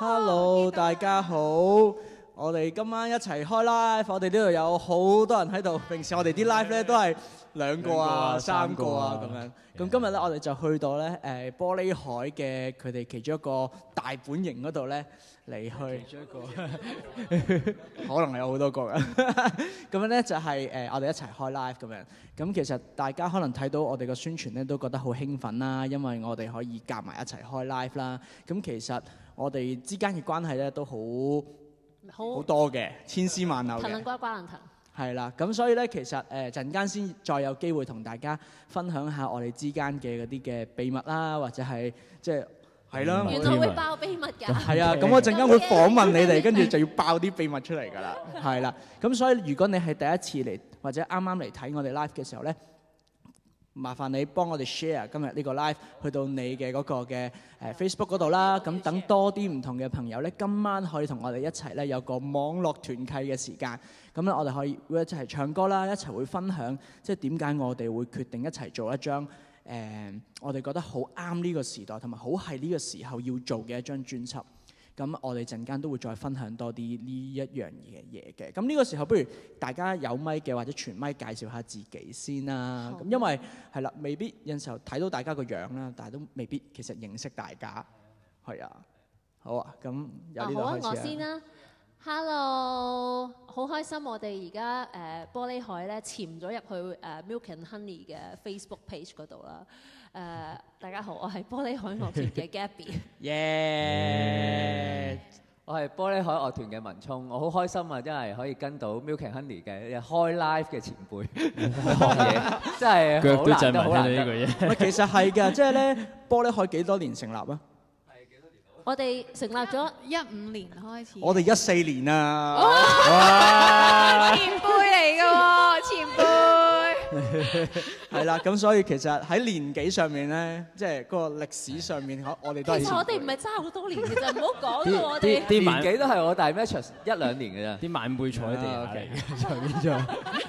Hello, 大家好，I know. 我哋今晚一齊開 live 我哋呢度有好多人喺度，平時我哋啲 live 呢 都係。兩個啊，三個啊，咁樣、啊。咁 Yeah. 今日咧，我哋就去到咧，誒、呃、玻璃海嘅佢哋其中一個大本營嗰度咧，嚟去。其中一個， 可能係有好多個啦。咁樣咧就係、是、誒、呃，我哋一齊開 live 咁樣。咁其實大家可能睇到我哋嘅宣傳咧，都覺得好興奮啦，因為我哋可以夾埋一齊開 live 啦。咁其實我哋之間嘅關係咧都好好多嘅，千絲萬縷。係啦，咁所以咧，其實誒陣間先再有機會同大家分享下我哋之間嘅嗰啲嘅秘密啦，或者係即係係咯，就是、密原來會爆秘密㗎，係啊密，咁我陣間會,會訪問你哋，密跟住就要爆啲秘密出嚟㗎啦，係啦， 咁所以如果你係第一次嚟或者啱啱嚟睇我哋 live 嘅時候咧。麻煩你幫我哋 share 今日呢個 live 去到你嘅嗰個嘅誒、呃、Facebook 嗰度啦，咁、嗯、等多啲唔同嘅朋友咧，今晚可以同我哋一齊咧有個網絡團契嘅時間，咁、嗯、咧我哋可以會一齊唱歌啦，一齊會分享，即係點解我哋會決定一齊做一張誒、呃、我哋覺得好啱呢個時代同埋好係呢個時候要做嘅一張專輯。咁我哋陣間都會再分享多啲呢一樣嘢嘅。咁呢個時候不如大家有咪嘅或者全咪介紹下自己先啦、啊。咁、啊、因為係啦、啊，未必有時候睇到大家個樣啦，但係都未必其實認識大家。係啊，好啊。咁由呢度開始啊。我先啦、啊。Hello，好開心我哋而家誒玻璃海咧潛咗入去誒、呃、Milk and Honey 嘅 Facebook page 嗰度啦。誒，uh, 大家好，我係玻璃海樂團嘅 Gabby。Yeah，我係玻璃海樂團嘅文聰，我好開心啊，真係可以跟到 Milk and Honey 嘅開 live 嘅前輩 學嘢， 真係腳都震埋。呢句嘢其實係㗎，即係咧， 玻璃海幾多年成立啊？係幾多年？我哋成立咗一五年開始。 我哋一四年啊！哇 前輩嚟㗎喎，前輩。係啦，咁所以其實喺年紀上面咧，即係嗰個歷史上面，我我哋都係其實我哋唔係揸好多年，其實唔好講啦，我哋年紀都係我大，但係 Matters 一兩年嘅啫，啲晚輩坐喺度，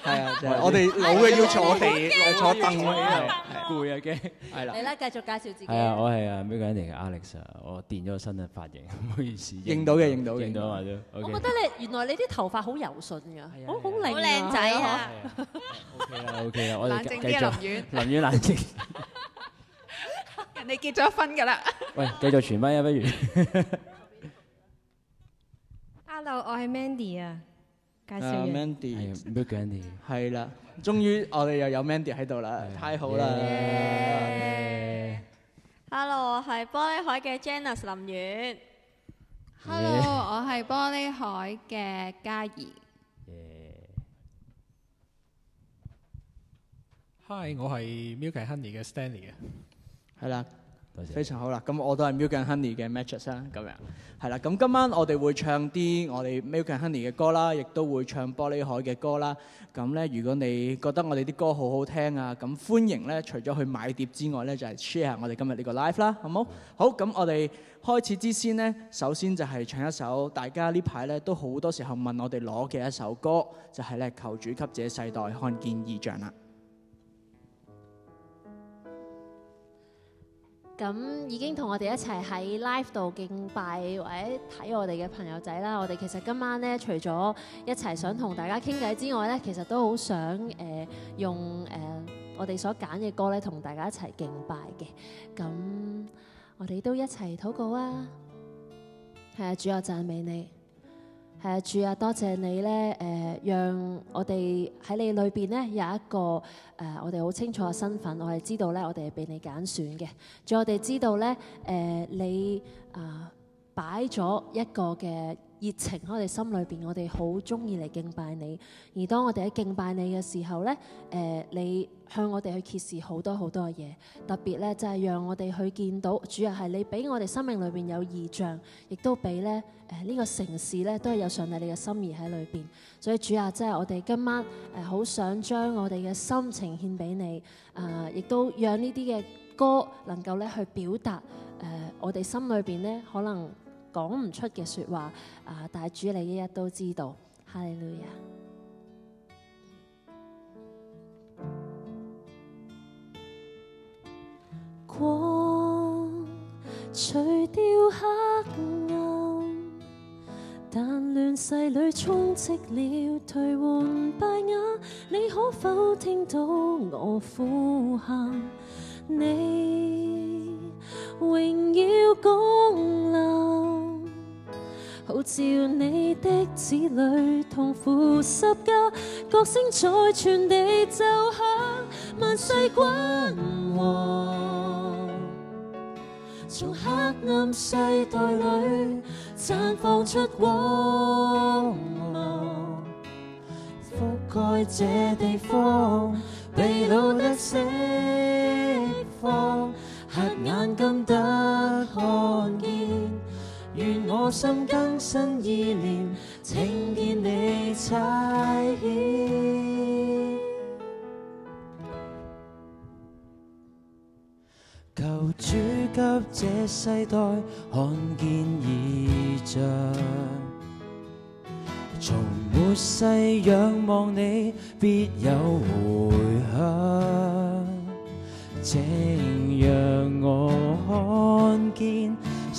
係啊，我哋老嘅要坐地、坐凳嘅，攰啊驚，係啦，你呢，繼續介紹自己，係啊，我係啊，每個人嚟嘅 Alex，我電咗個新嘅髮型，唔好意思，認到嘅，認到，認到啊，我覺得你原來你啲頭髮好柔順噶，好好靚啊，好靚仔啊，OK 啦，OK。冷靜啲，林遠。林遠，冷靜。人哋結咗婚噶啦。喂，繼續傳翻啊，不如。Hello，我係 Mandy 啊，介紹。啊，Mandy，Mandy。係啦，終於我哋又有 Mandy 喺度啦，太好啦。Hello，我係玻璃海嘅 Janice 林遠。Hello，我係玻璃海嘅嘉怡。Hi，我係 Milk and Honey 嘅 Stanley 啊，係啦了，多謝，非常好啦，咁我都係 Milk and Honey 嘅 m a t c h s 啦，啊，咁樣，係啦，咁今晚我哋會唱啲我哋 Milk and Honey 嘅歌啦，亦都會唱玻璃海嘅歌啦。咁咧，如果你覺得我哋啲歌好好聽啊，咁歡迎咧，除咗去買碟之外咧，就係、是、share 我哋今日呢個 live 啦，好冇？好，咁，嗯、我哋開始之先呢，首先就係唱一首大家呢排咧都好多時候問我哋攞嘅一首歌，就係、是、咧求主給這世代看見異象啦。咁已經同我哋一齊喺 live 度敬拜，或者睇我哋嘅朋友仔啦。我哋其實今晚咧，除咗一齊想同大家傾偈之外呢，其實都好想、呃、用、呃、我哋所揀嘅歌咧，同大家一齊敬拜嘅。咁我哋都一齊禱告啦，係啊，主，我讚美你。係啊，主啊，多謝你呢。誒、呃，讓我哋喺你裏邊呢，有一個誒、呃，我哋好清楚的身份，我哋知道呢，我哋係被你揀選嘅。仲我哋知道呢，誒、呃，你啊、呃、擺咗一個嘅熱情，喺我哋心裏邊，我哋好中意嚟敬拜你。而當我哋喺敬拜你嘅時候呢，誒、呃，你向我哋去揭示好多好多嘅嘢，特別呢，就係、是、讓我哋去見到，主要係你俾我哋生命裏邊有異象，亦都俾咧誒呢、呃呢個城市呢，都係有上帝你嘅心意喺裏邊。所以主啊，即係我哋今晚誒好、呃、想將我哋嘅心情獻俾你，誒、呃，亦都讓呢啲嘅歌能夠咧去表達誒、呃、我哋心裏邊呢可能。講唔出嘅說話，啊！但主你一日都知道，哈利路亞。光除掉黑暗，但亂世裏充斥了頹垣敗瓦，你可否聽到我呼喊？你榮耀降臨。呼召你的子女，痛苦十架，角聲在全地奏響。萬世君王，從黑暗世代裏，綻放出光芒，覆蓋這地方，被擄得釋放，黑眼禁得看見。願我心更新意念，請見你差遣。求主給這世代看見異象，從末世仰望你必有回響。正讓。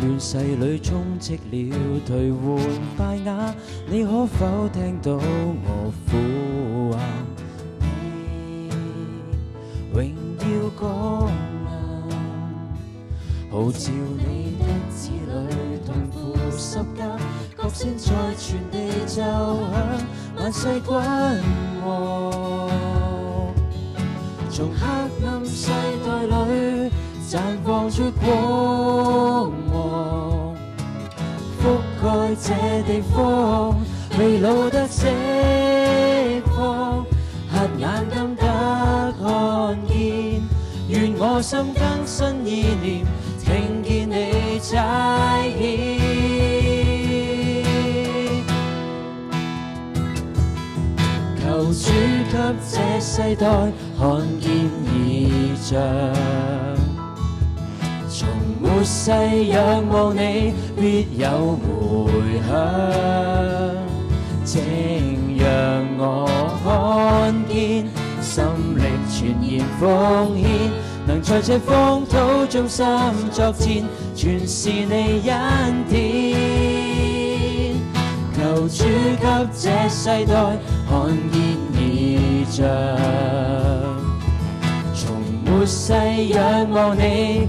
亂世裏充斥了頹垣敗瓦，你可否聽到我呼喊，啊？ 你榮耀光亮，號召你的子女同負十架，各聲在全地奏響，萬世君王，從黑暗世代裏，綻放出光芒，覆蓋這地方，未老得釋放，瞎眼睛得看見，願我心更新意念，聽見你再現，求主給這世代看見異象。末世仰望你，必有回響。請讓我看見，心力全然奉獻，能在這荒土中心作戰，全是你恩典。求主給這世代看見異象，從末世仰望你。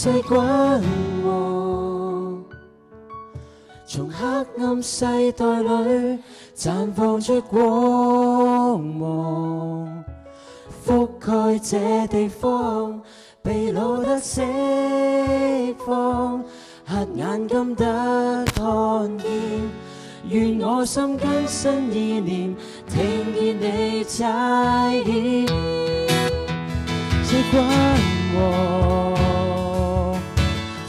世君王從黑暗世代裏綻放出光芒，覆蓋這地方，被擄得釋放，瞎眼今得看見，願我心更新意念，聽見你再起，世君王。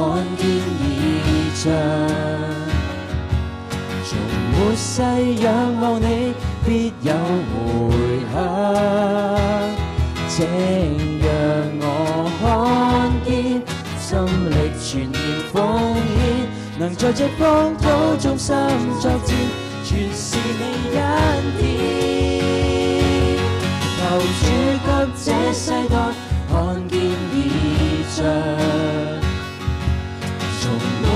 看見異象，從末世仰望你必有回響。請讓我看見，心力全然奉獻，能在這荒土中心作戰，全是你恩典。求主角，這世代看見異象。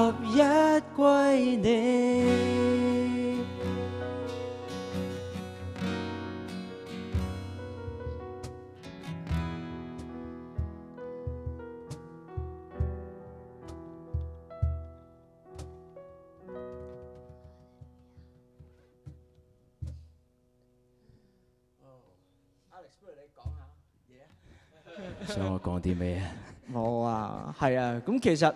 十一歸你。哦，Alex 不如你講下。想我講啲咩啊？我啊，係啊，咁其實。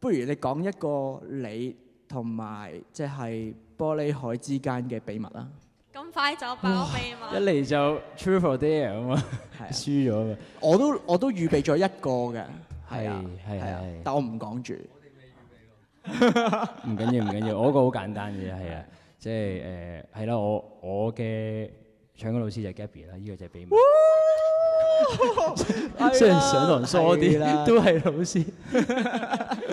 不如你講一個你同埋即係玻璃海之間嘅秘密啦！咁快就爆秘密，一嚟就 Truth or Dare 咁啊，輸咗啊嘛！我都我都預備咗一個嘅，係啊係啊，但係我唔講住。我哋未預備。唔緊要唔緊要，我個好簡單嘅係啊，即係誒係啦，我我嘅唱歌老師就係 Gabby 啦，呢個就係秘密。雖然上堂疏啲，都係老師。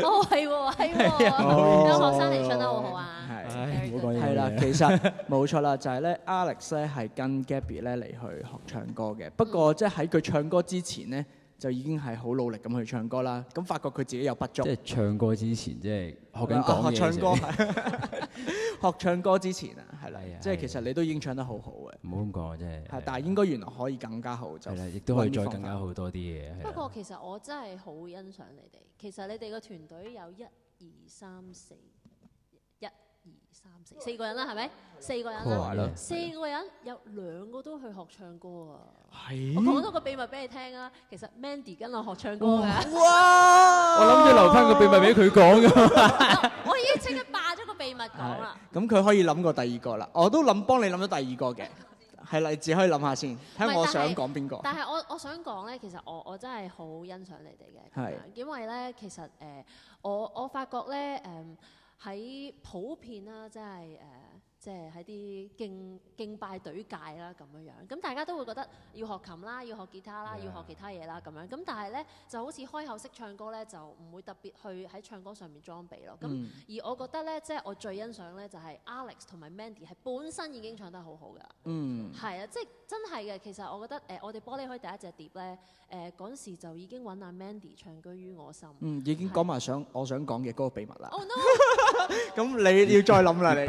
哦，係喎，係喎，有、哦、學生嚟唱得好好啊！係是的、哎呀，冇講嘢。係啦，其實冇 錯啦，就係、是、咧，Alex 咧係跟 Gabby 咧嚟去學唱歌嘅。不過即係喺佢唱歌之前咧。就已經係好努力咁去唱歌啦，咁發覺佢自己有不足。即係唱歌之前， 的即係學緊講嘢先。學唱歌之前啊，係啦，即係其實你都已經唱得好好嘅。唔好咁講啊，真係。係，但係應該原來可以更加好就。係啦，亦都可以再更加好多啲嘢。的不過其實我真係好欣賞你哋。其實你哋個團隊有一二三四。三四四個人啦，係咪？四個人啦，四個人，四個人有兩個都去學唱歌啊！係？我講咗個秘密俾你聽啊。其實 Mandy 跟我學唱歌嘅。哇！ 我諗住留翻個秘密俾佢講嘅 我已經即刻霸咗個秘密講啦。咁佢可以諗過第二個啦，我都諗幫你諗咗第二個嘅，係例子可以諗下先，睇下我想講邊個。但係我我想講咧，其實我我，我真係好欣賞你哋嘅，因為咧的其實誒、呃，我我，我發覺咧誒。嗯喺普遍啦、啊，即係誒。Uh 即係喺啲敬敬拜隊界啦咁樣樣，咁大家都會覺得要學琴啦，要學吉他啦，Yeah. 要學其他嘢啦咁樣。咁但係咧就好似開口式唱歌咧，就唔會特別去喺唱歌上面裝備咯。咁、mm. 而我覺得咧，即係我最欣賞咧，就係 Alex 同埋 Mandy 係本身已經唱得好好噶。嗯，係啊，即係真係嘅。其實我覺得誒、呃，我哋玻璃開第一隻碟咧，誒、呃、嗰時就已經揾阿 Mandy 唱「居於我心」。Mm. 已經講埋想我想講嘅嗰個秘密啦。哦，no。咁你要再諗啦，你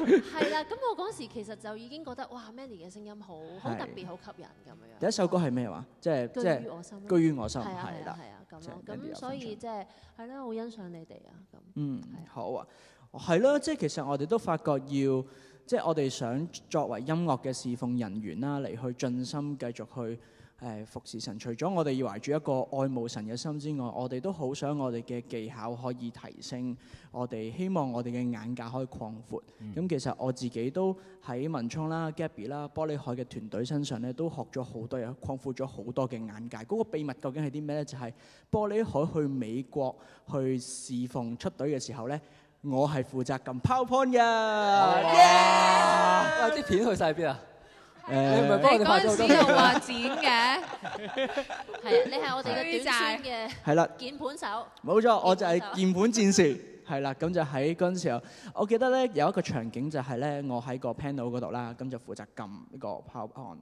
係啦，咁我嗰時其實就已經覺得哇，Mandy 嘅聲音好，好特別，好吸引咁樣。第一首歌係咩話？即係即係居於我心，居於我心，係啊係啊咁。咁所以即係係咯，好欣賞你哋啊咁。嗯，好啊，係咯，即係其實我哋都發覺要，即係我哋想作為音樂嘅侍奉人員啦，嚟去盡心繼續去。誒、呃、服侍神，除咗我哋要懷住一個愛慕神嘅心之外，我哋都好想我哋嘅技巧可以提升，我哋希望我哋嘅眼界可以擴闊。咁、嗯嗯、其實我自己都喺文沖啦、Gabby 啦、玻璃海嘅團隊身上咧，都學咗好多嘢，擴闊咗好多嘅眼界。嗰、那個秘密究竟係啲咩咧？就係、是、玻璃海去美國去侍奉出隊嘅時候咧，我係負責撳 powerpoint 嘅。哇！啲 Yeah! 片去晒邊啊？你嗰時又話剪嘅，係 啊，你係我哋嘅短暫嘅，係啦，鍵盤手，冇錯，我就係鍵盤戰士係啦。咁盤 就喺嗰陣時候，我記得咧有一個場景就係咧，我喺個 panel 嗰度啦，咁就負責撳呢個 power on。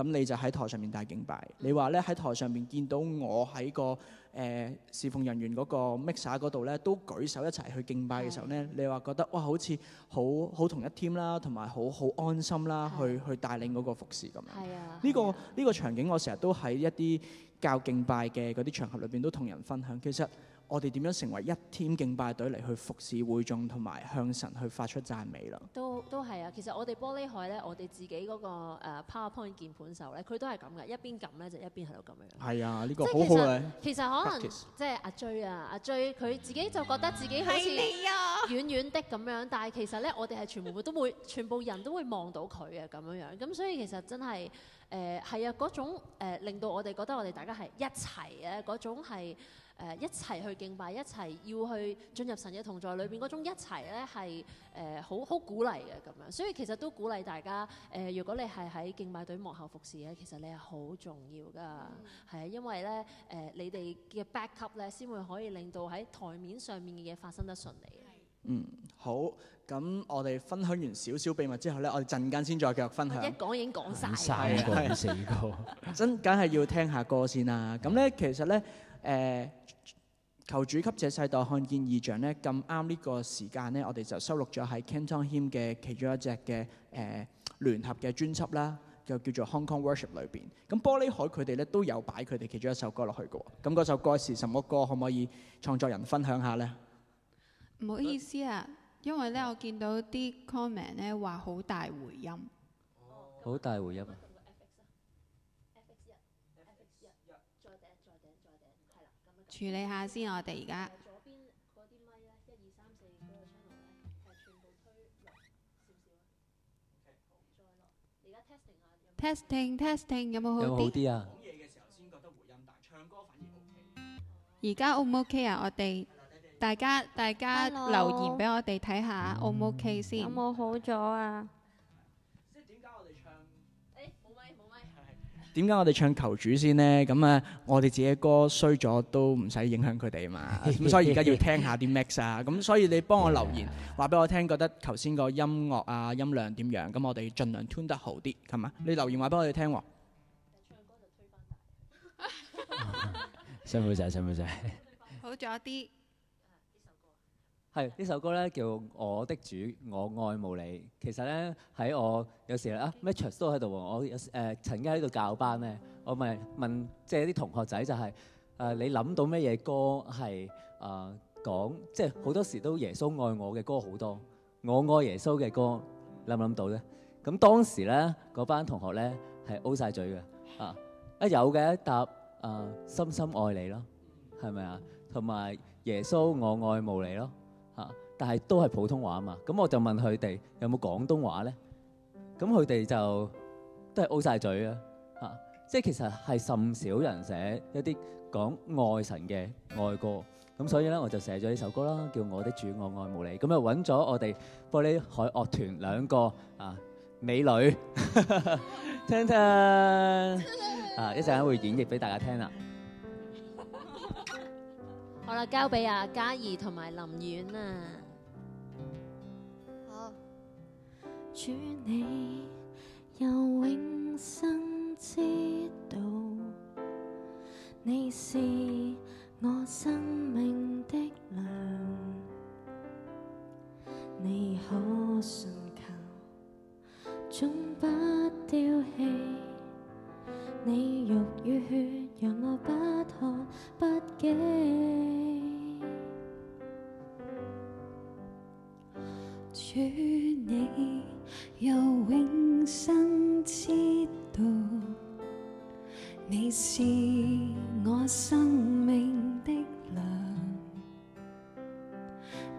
咁你就喺台上面帶敬拜。你話咧喺台上面見到我喺個誒、呃、侍奉人員嗰個 mixer 嗰度咧，都舉手一齊去敬拜嘅時候咧，的你話覺得哇好似好好同一 team 啦，同埋好好安心啦，的去去帶領嗰個服侍。咁樣。係啊。呢個呢個場景我成日都喺一啲教敬拜嘅嗰啲場合裏邊都同人分享。其實。我哋點樣成為一天 e 敬拜隊嚟去服侍會眾同埋向神去發出讚美啦？都都係啊！其實我哋玻璃海咧，我哋自己嗰、那個、uh, PowerPoint 鍵盤手咧，佢都係咁嘅，一邊撳咧就一邊係度咁樣。係啊，呢、這個是好好嘅。其實，可能 Practice. 即係阿追啊，阿追佢自己就覺得自己好似啊，遠遠的咁樣，但係其實咧，我哋係全部會都會 全部人都會望到佢嘅咁樣樣。咁所以其實真係。誒係、呃、啊，嗰種、呃、令到我哋覺得我哋大家係一齊啊。嗰種係、呃、一齊去敬拜，一齊要去進入神嘅同在裏邊嗰種一齊咧，係誒好好鼓勵嘅咁樣，所以其實都鼓勵大家誒、呃，如果你係喺敬拜隊幕後服侍咧，其實你係好重要噶，係、嗯、啊，因為咧誒、呃、你哋嘅 back up 咧，先會可以令到喺台面上面嘅嘢發生得順利。嗯，好。咁我哋分享完少少秘密之後咧，我哋陣間先再繼續分享。一講已經講晒，曬個死歌。真，梗係要聽下歌先啦、啊。咁咧， 其實咧，誒、呃，求主給這世代看見異象咧，咁啱呢個時間咧，我哋就收錄咗喺 Canton Hymn 嘅其中一隻嘅誒聯合嘅專輯啦，就叫做 Hong Kong Worship 裏邊。咁玻璃海佢哋咧都有擺佢哋其中一首歌落去嘅、哦。咁嗰首歌是什麼歌？可唔可以創作人分享下咧？唔好意思啊，因為咧我見到啲 comment 咧話好大回音，好大、oh, 樣回音啊！處理、okay, 好下先，我哋而家。Testing，Testing 有冇好啲？有冇好啲啊？而家 O 唔 OK 啊？我哋？大家大家留言俾我哋睇下，O 唔 O K 先？有冇 Hello.、嗯、好咗啊！即係點解我哋唱？誒，冇咪冇咪係？點解我哋唱求主先呢？咁啊，我哋自己歌衰咗都唔使影響佢哋嘛。咁 所以而家要聽下啲 m a x 啊。咁所以你幫我留言，話俾我聽，覺得頭先個音樂啊音量點樣？咁我哋盡量 tune 得好啲，係嘛？你留言話俾我哋聽。唱歌就辛苦晒，辛苦晒。好咗啲。係呢首歌咧，叫我的主，我愛慕你。其實咧喺我有時咧啊，match 都喺度。我有誒曾經喺度教班咧，我咪問，即係啲同學仔就係誒，你諗到咩嘢歌係誒講？即係好多時都耶穌愛我嘅歌好多，我愛耶穌嘅歌諗唔諗到咧？咁當時咧，嗰班同學咧係 O 曬嘴嘅啊！一有嘅答誒深深愛你咯，係咪啊？同埋耶穌我愛慕你咯。但係都係普通話啊嘛，咁我就問佢哋有冇廣東話咧？咁佢哋就都係 O 曬嘴啊！嚇，即係其實係甚少人寫一啲講愛神嘅愛歌，咁所以咧我就寫咗呢首歌啦，叫我的主，我愛慕你。咁就揾咗我哋玻璃海樂團兩個啊美女，聽聽啊一陣間會演繹俾大家聽啦。好啦，交俾阿嘉怡同埋林婉啊！主你有永生之道，你是我生命的糧，你可信求，總不丟棄，你肉與血，讓我不可不記，主你。有永生知道，你是我生命的糧，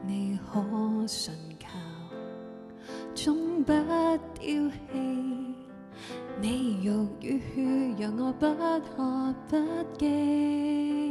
你可信靠，終不丟棄。你肉與血，讓我不可不記。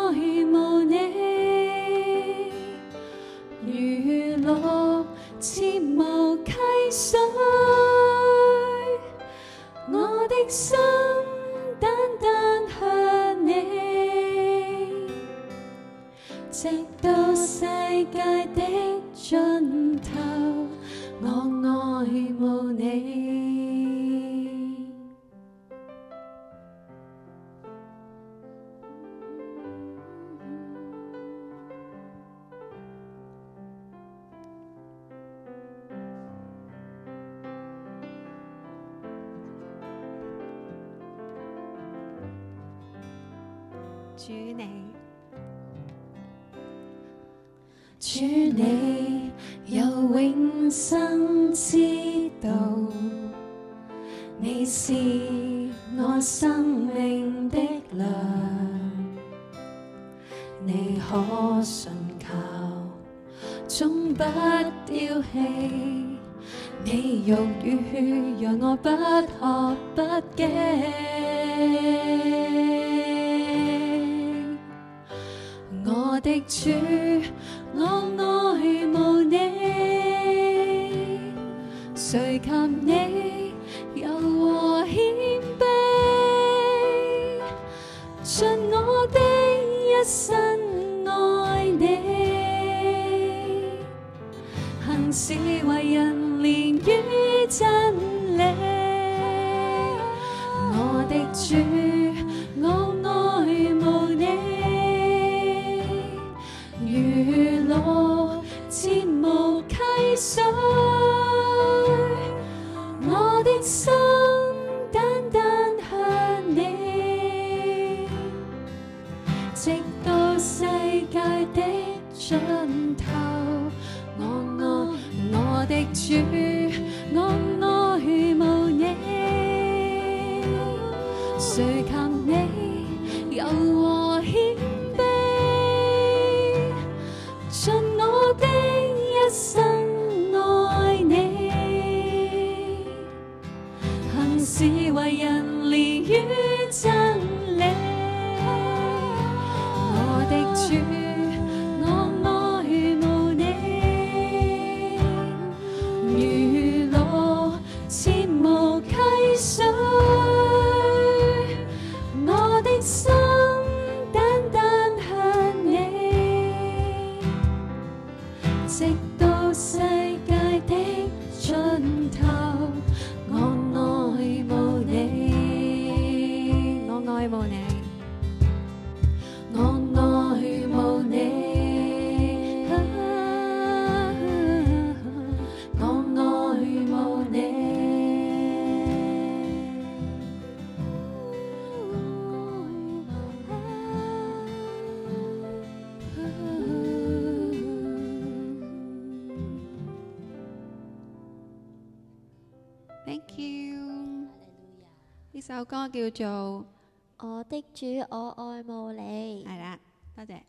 水，我的心單單向你，直到世界的盡頭，我愛慕你。你有永生之道，你是我生命的糧，你可信靠，終不丟棄。你肉與血，讓我不渴不飢。我的主。我愛慕你，誰及你，柔和謙卑盡我的一生。個歌叫做《我的主，我愛慕你》。係啦，多謝。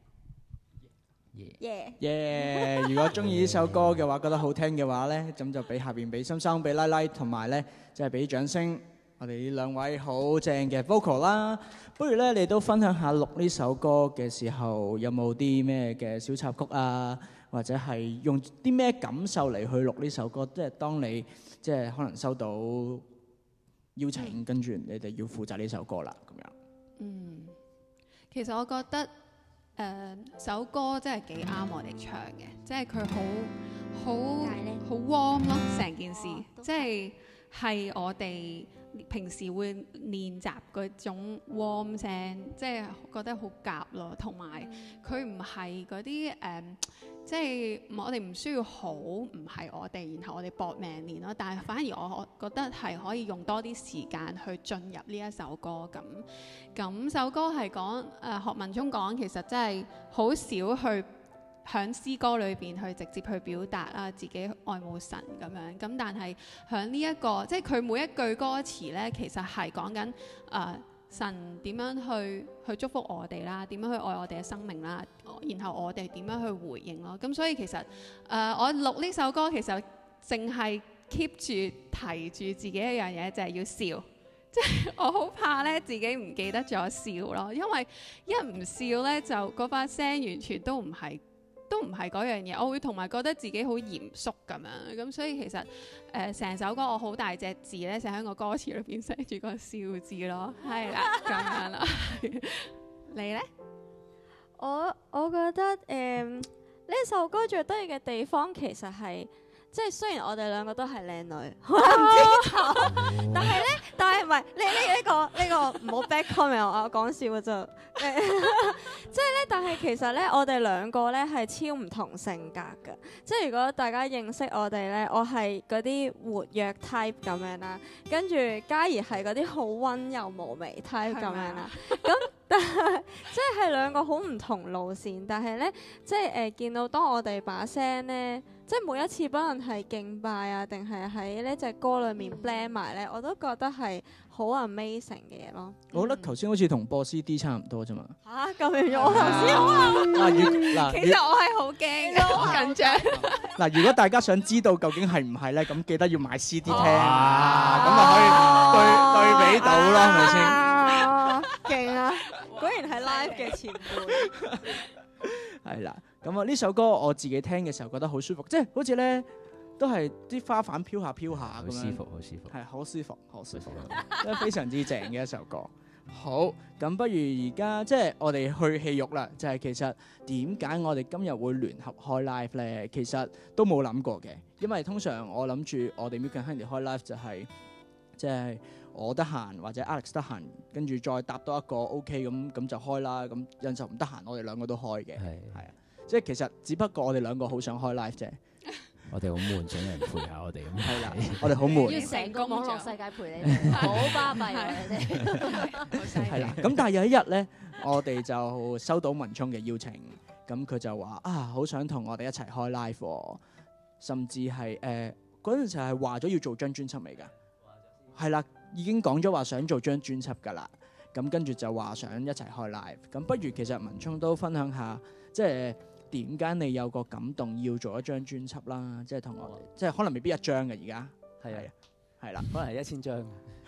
Yeah，如果中意呢首歌嘅話，覺得好聽嘅話呢，咁就俾下邊俾心心、俾拉拉，同埋呢即係俾啲掌聲。我哋呢兩位好正嘅 vocal 啦，不如呢你都分享下錄呢首歌嘅時候有冇啲咩嘅小插曲啊，或者係用啲咩感受嚟去錄呢首歌？即係當你即係可能收到。邀請跟，跟住你哋要負責呢首歌啦，咁樣。嗯，其實我覺得誒、呃、首歌真係幾啱我哋唱嘅， 即係佢 好好好 warm 咯，成件事， 哦、即係係我哋，平時會練習嗰種 warm 聲，即係覺得好夾咯。同埋佢唔係嗰啲誒，hmm. um，即係我哋唔需要好，唔係我哋，然後我哋搏命練咯。但係反而我覺得係可以用多啲時間去進入呢一首歌咁。咁首歌係講誒，學文忠講其實真係好少去。響詩歌裏邊去直接去表達啦，自己愛慕神咁樣咁，但係響呢一個即係佢每一句歌詞咧，其實係講緊誒神點樣去去祝福我哋啦，點樣去愛我哋嘅生命啦，然後我哋點樣去回應咯。咁所以其實誒、呃、我錄呢首歌其實淨係 keep 住提住自己一樣嘢，就係、是、要笑，即係我好怕咧自己唔記得咗笑咯，因為一唔笑咧就嗰把聲完全都唔係。都唔係嗰樣嘢，我會同埋覺得自己好嚴肅咁樣，咁所以其實誒成、呃、首歌我好大隻字咧寫喺個歌詞裏邊寫住個笑字咯，係啦咁樣啦。 你咧呢？我我覺得誒呢、uh, 首歌最得意嘅地方其實係。即係雖然我哋兩個都係靚女，但係咧，但係唔係你呢一個呢個唔好 bad comment 我講笑嘅啫。即係咧，但係其實咧，我哋兩個咧係超唔同性格嘅。即係如果大家認識我哋咧，我係嗰啲活躍 type 咁樣啦，跟住嘉怡係嗰啲好温柔無媚 type 咁樣啦。咁嗎 但係即係兩個好唔同路線，但係咧，即係誒、呃、見到當我哋把聲咧。即係每一次，不論係敬拜啊，定係喺呢隻歌裏面 blend 埋咧，我都覺得係好 amazing 嘅嘢咯。我覺得頭先好似同播 CD 差唔多啫嘛。嚇咁樣，我頭先好緊張。其實我係好驚好緊張。嗱，如果大家想知道究竟係唔係咧，咁記得要買 CD 聽，咁啊可以對對比到咯，係咪先？啊，勁啊！果然係 live 嘅前半。係啦。咁啊！呢、嗯、首歌我自己聽嘅時候覺得好舒服，即係好似咧都係啲花瓣飄下飄下咁、嗯、樣。舒服，好舒服。係好舒服，好舒服，舒服嗯、非常之正嘅一首歌。 好咁，不如而家即係我哋去戲肉啦。就係、是、其實點解我哋今日會聯合開 live 咧？其實都冇諗過嘅，因為通常我諗住我哋 Milk and Honey 開 live 就係即係我得閒或者 Alex 得閒，跟住再搭多一個 O K 咁咁就開啦。咁有陣時唔得閒，我哋兩個都開嘅係啊。的即係其實只不過我哋兩個好想開 live 啫，我哋好悶，想有人陪下我哋。咁係啦，我哋好悶，要成個網絡世界陪你，好巴閉係你。係啦，咁但係有一日咧，我哋就收到文聰嘅邀請，咁佢就話啊，好想同我哋一齊開 live，甚至係誒嗰陣時係話咗要做張專輯嚟㗎，係啦，已經講咗話想做張專輯㗎啦，咁跟住就話想一齊開 live，咁不如其實文聰都分享下，即係。點解你有個感動要做一張專輯啦？即係同我，即係可能未必一張嘅而家，係啊，係啦，可能係一千張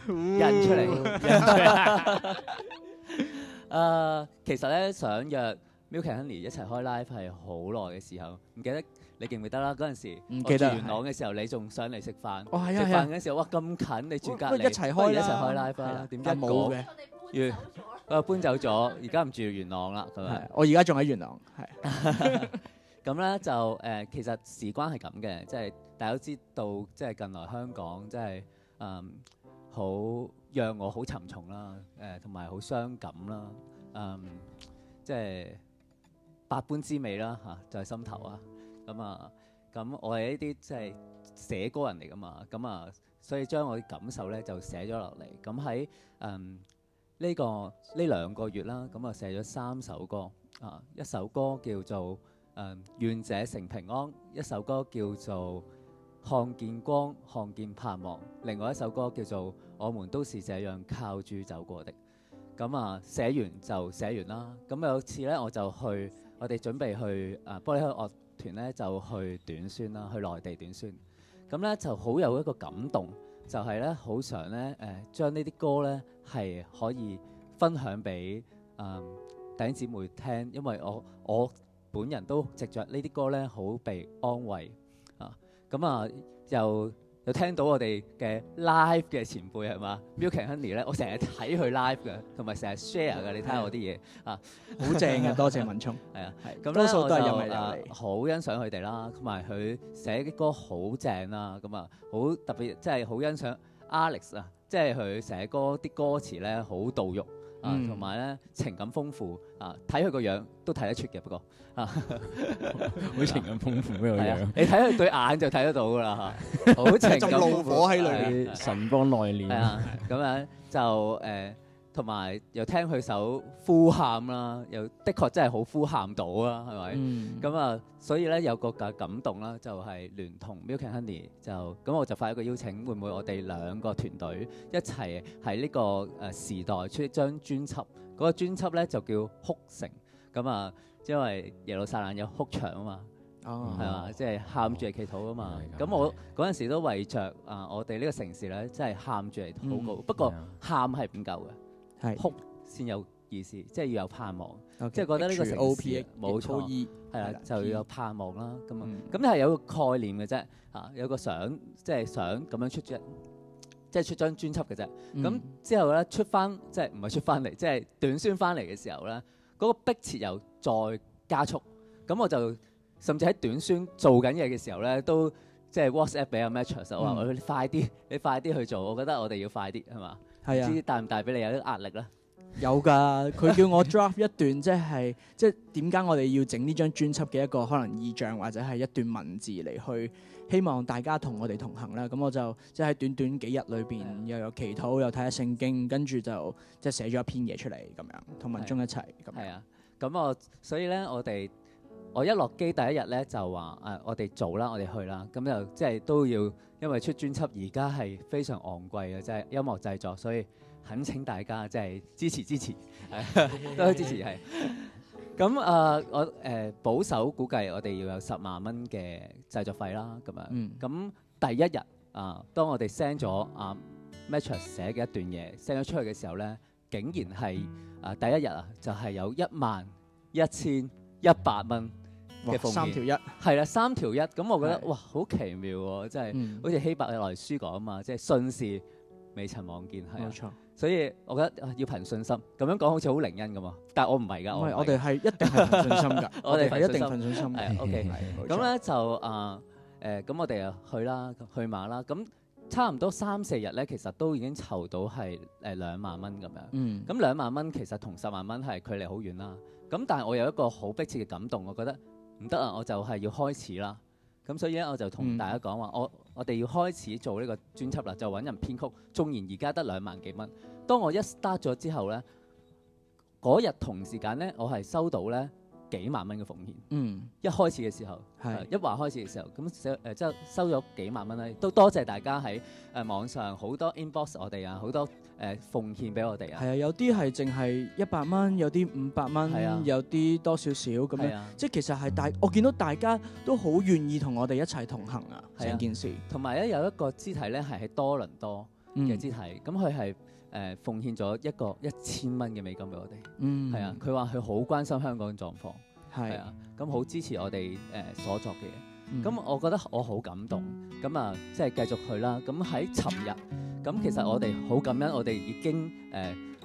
印出嚟。誒，其實咧想約 Milk and Honey 一齊開 live 係好耐嘅時候，唔記得你記唔記得啦？嗰陣時，我住元朗嘅時候，你仲上嚟食飯。哦，係啊，係啊，食飯嘅時候哇，咁近，你住隔離一齊開啦，一齊開 live 啦，點解冇嘅？ 搬走咗，而家唔住元朗啦，係咪？我而家仲喺元朗。係咁咧， 就誒、呃，其實事關係咁嘅，即係大家都知道，即係近來香港，即係嗯，好讓我好沉重啦，誒、嗯，同埋好傷感啦，嗯，即係百般滋味啦，啊、就在、是、心頭啊。咁、嗯、啊，咁、嗯、我係呢啲即係寫歌人嚟噶嘛，咁、嗯、啊，所以將我啲感受咧就寫咗落嚟。咁喺嗯。呢、這個呢兩個月啦，咁啊寫咗三首歌，啊一首歌叫做《誒、呃、願者成平安》，一首歌叫做《看見光看見盼望》，另外一首歌叫做《我們都是這樣靠主走過的》。咁、嗯、啊寫完就寫完啦。咁、嗯、有次呢，我就去，我哋準備去啊玻璃樂團呢，就去短宣啦，去內地短宣。咁、嗯、呢，就好有一個感動。就係呢，好想呢，誒、呃、將呢啲歌呢係可以分享俾啊、嗯、弟兄姊妹聽，因為我我本人都藉著呢啲歌呢，好被安慰啊，咁啊又。又聽到我哋嘅 live 嘅前輩係嘛，Milk and Honey 咧，我成日睇佢 live 嘅，同埋成日 share 嘅。你睇下我啲嘢 啊，好正嘅， 多謝文聰，係啊，啊啊啊多數都係因為好欣賞佢哋啦，同埋佢寫啲歌好正啦，咁啊，好、嗯、特別，即係好欣賞 Alex 啊，即係佢寫歌啲歌詞咧好到肉。啊，同埋咧情感豐富啊，睇佢個樣都睇得出嘅，不過啊，好、啊、 情感豐富咩樣？你睇佢對眼就睇得到噶啦，好情感就怒火喺裏邊，神光內斂，係啊，咁、啊、 樣就誒。啊同埋又聽佢首呼喊啦，又的確真係好呼喊到啊，係咪？咁啊、嗯嗯嗯，所以咧有個嘅感動啦，就係、是、聯同 Milk and Honey 就咁、嗯，我就發一個邀請，會唔會我哋兩個團隊一齊喺呢個誒、呃、時代出一張專輯？嗰、那個專輯咧、那個、就叫哭城。咁、嗯、啊，因為耶路撒冷有哭牆啊嘛，係啊、哦，即係喊住嚟祈禱啊嘛。咁、哦嗯嗯、我嗰陣時都為着啊、呃，我哋呢個城市咧真係喊住嚟禱告。嗯、不過喊係唔夠嘅。哭先有意思，即係要有盼望，okay, 即係覺得呢個成 O P 冇錯，係啊，就要有盼望啦。咁啊、嗯，咁你係有個概念嘅啫，嚇、嗯啊、有個想，即係想咁樣出張，即、就、係、是、出張專輯嘅啫。咁、嗯、之後咧出翻，即係唔係出翻嚟，即係短宣翻嚟嘅時候咧，嗰、那個逼切又再加速。咁我就甚至喺短宣做緊嘢嘅時候咧，都即係、就是、WhatsApp 俾阿 Matthew，我話你、嗯、快啲，你快啲去做，我覺得我哋要快啲，係嘛？知啲大唔大俾你有啲壓力咧？ 有噶，佢叫我 draft 一段，即係即係點解我哋要整呢張專輯嘅一個可能意象，或者係一段文字嚟去希望大家同我哋同行啦。咁我就即係短短幾日裏邊，又有祈禱又睇下聖經，跟住就即係寫咗一篇嘢出嚟咁樣，同文中一齊咁樣。係啊、yeah.，咁我所以咧我哋。我一落機第一日咧就話誒、啊，我哋做啦，我哋去啦，咁就即係都要，因為出專輯而家係非常昂貴嘅，即係音樂製作，所以懇請大家即係支持支持，多 啲支持係。咁誒、 啊，我誒、啊、保守估計，我哋要有十萬蚊嘅製作費啦。咁樣，咁、嗯、第一日啊，當我哋 send 咗阿 Matchless 寫嘅一段嘢 send 咗出去嘅時候咧，竟然係啊第一日啊就係、是、有一萬一千一百蚊。三條一係啦，三條一咁，我覺得哇，好奇妙喎！真係好似希伯來書講啊嘛，即係信事未曾望見。冇錯，所以我覺得要憑信心咁樣講，好似好靈恩咁啊！但係我唔係㗎，我哋係一定係信心㗎，我哋係一定憑信心。係 OK，咁咧就啊誒，咁我哋去啦，去馬啦。咁差唔多三四日咧，其實都已經籌到係誒兩萬蚊咁樣。嗯，咁兩萬蚊其實同十萬蚊係距離好遠啦。咁但係我有一個好迫切嘅感動，我覺得。唔得啊！我就係要開始啦，咁所以咧我就同大家講話、嗯，我我哋要開始做呢個專輯啦，就揾人編曲。縱然而家得兩萬幾蚊，當我一 start 咗之後咧，嗰日同時間咧，我係收到咧幾萬蚊嘅奉獻。嗯，一開始嘅時候是的、啊，一話開始嘅時候，咁誒即係收咗幾萬蚊咧，都多謝大家喺誒、呃、網上好多 inbox 我哋啊，好多。誒奉獻俾我哋啊！係啊，有啲係淨係一百蚊，有啲五百蚊，有啲多少少咁樣。即係其實係大，我見到大家都好願意同我哋一齊同行啊！成件事。同埋咧有一個肢體咧係喺多倫多嘅肢體，咁佢係誒奉獻咗一個一千蚊嘅美金俾我哋。嗯。係啊，佢話佢好關心香港狀況，係啊，咁好支持我哋誒所作嘅嘢。咁我覺得我好感動。咁啊，即係繼續去啦。咁喺尋日。咁其實我哋好感恩，我哋已經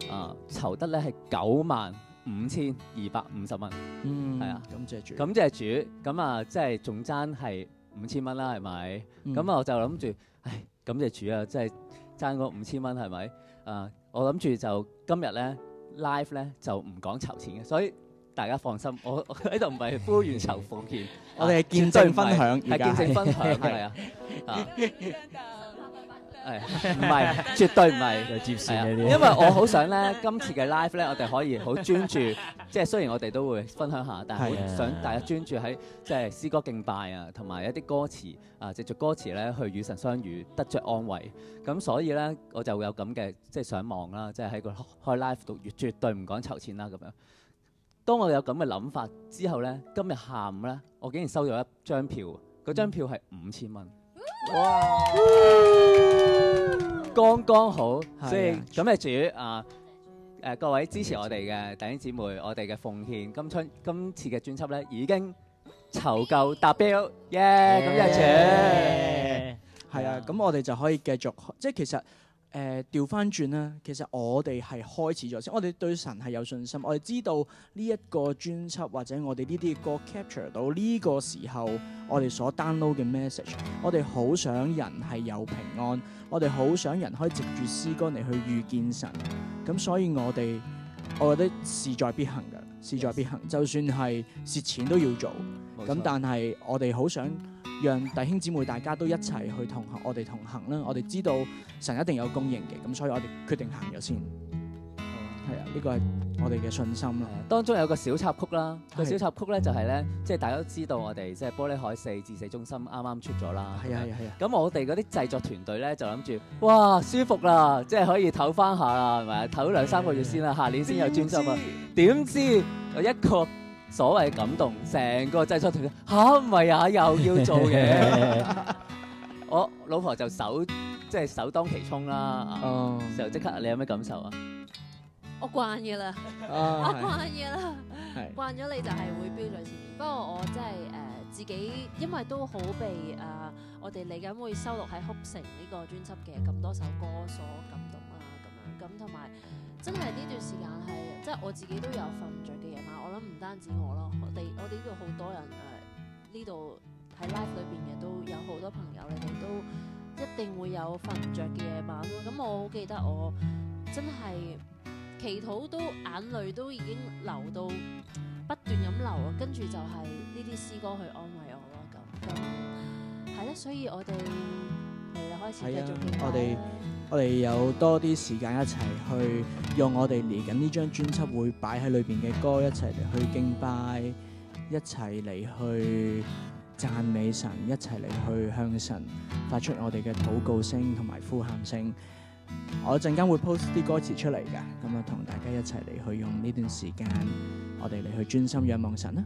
誒啊籌得咧係九萬五千二百五十蚊，係啊，感謝主，感謝主，咁啊即係仲爭係五千蚊啦，係咪？咁啊我就諗住，唉感謝主啊，即係爭嗰五千蚊係咪？啊我諗住就今日咧 live 咧就唔講籌錢嘅，所以大家放心，我喺度唔係呼籲求奉獻，我哋係見證分享而家。係見證分享係啊。係，唔係， 絕對唔係， 因為我好想咧， 今次嘅 live 咧，我哋可以好專注，即係雖然我哋都會分享下，但係好想大家專注喺即係詩歌敬拜啊，同埋一啲歌詞啊，藉著歌詞咧去與神相遇，得着安慰。咁所以咧，我就會有咁嘅即係想望啦，即係喺個開 live 度，絕對唔講籌錢啦咁樣。當我有咁嘅諗法之後咧，今日下午咧，我竟然收咗一張票，嗰張票係五千蚊。嗯哇！剛剛好，係咁啊！主啊，誒、呃呃呃，各位支持我哋嘅弟兄姊妹，我哋嘅奉獻，今春今次嘅專輯咧已經籌夠達標，耶、yeah, Yeah！咁、yeah, yeah, yeah, yeah. 啊，主係啊，咁我哋就可以繼續，即係其實。誒調翻轉啦，其實我哋係開始咗先，我哋對神係有信心，我哋知道呢一個專輯或者我哋呢啲歌 capture 到呢個時候我哋所 download 嘅 message，我哋好想人係有平安，我哋好想人可以藉住詩歌嚟去遇見神，咁所以我哋我覺得事在必行㗎，事在必行，就算係蝕錢都要做，咁但係我哋好想。讓弟兄姊妹大家都一齊去同行，我哋同行啦。我哋知道神一定有供應嘅，咁所以我哋決定行咗先。係啊，呢個係我哋嘅信心咯。當中有個小插曲啦，個是小插曲咧就係、是、咧，即、就、係、是、大家都知道我哋即係玻璃海四至四中心啱啱出咗啦。係啊係啊。咁、啊啊嗯、我哋嗰啲製作團隊咧就諗住，哇舒服啦，即係可以唞翻下啦，係咪唞兩三個月先啦，啊啊、下年先有專輯啊？點知，知一個。所謂感動，成個製作團隊嚇，唔係啊，又要做嘢。我老婆就首即係首當其衝啦，就即刻，你有咩感受啊？我慣嘅啦，我慣嘅啦，慣咗你就係會飆在前面。不過我真係誒自己，因為都好被啊，我哋嚟緊會收錄喺《哭城》呢個專輯嘅咁多首歌所感動啊，咁樣咁同埋真係呢段時間係即係我自己都有瞓唔著。唔單止我咯，我哋我哋呢度好多人誒，呢度喺 live 裏邊嘅都有好多朋友，你哋都一定會有瞓唔着嘅夜晚咯。咁我好記得我真係祈禱都眼淚都已經流到不斷咁流咯，跟住就係呢啲詩歌去安慰我咯。咁咁係啦，所以我哋嚟到開始繼續傾啦。我哋有多啲時間一齊去用，我哋嚟緊呢張專輯會擺喺裏邊嘅歌一齊嚟去敬拜，一齊嚟去讚美神，一齊嚟去向神發出我哋嘅禱告聲同埋呼喊聲。我陣間會 post 啲歌詞出嚟㗎，咁啊同大家一齊嚟去用呢段時間，我哋嚟去專心仰望神啦。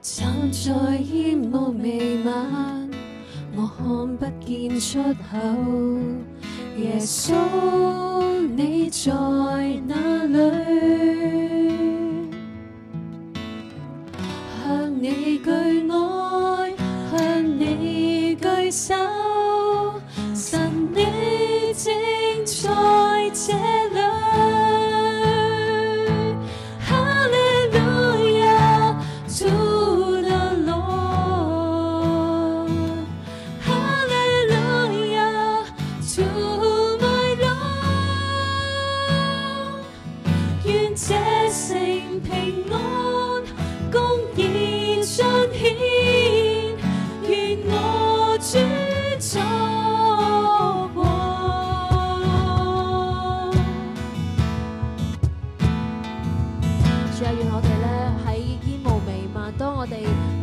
站在煙霧瀰漫，我看不見出口。耶穌，你在哪裏？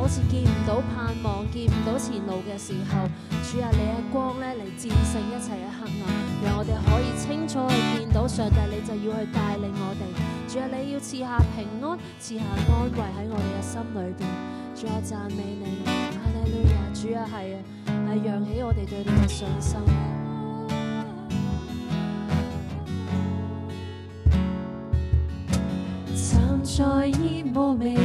好似見唔到盼望，見唔到前路嘅時候，主啊，你嘅光咧嚟戰勝一切嘅黑暗，讓我哋可以清楚去見到上帝，你就要去帶領我哋。主啊，你要賜下平安，賜下安慰喺我哋嘅心裏邊。主啊，讚美你、Hallelujah. 主啊，係啊，係揚起我哋對你嘅信心。站在煙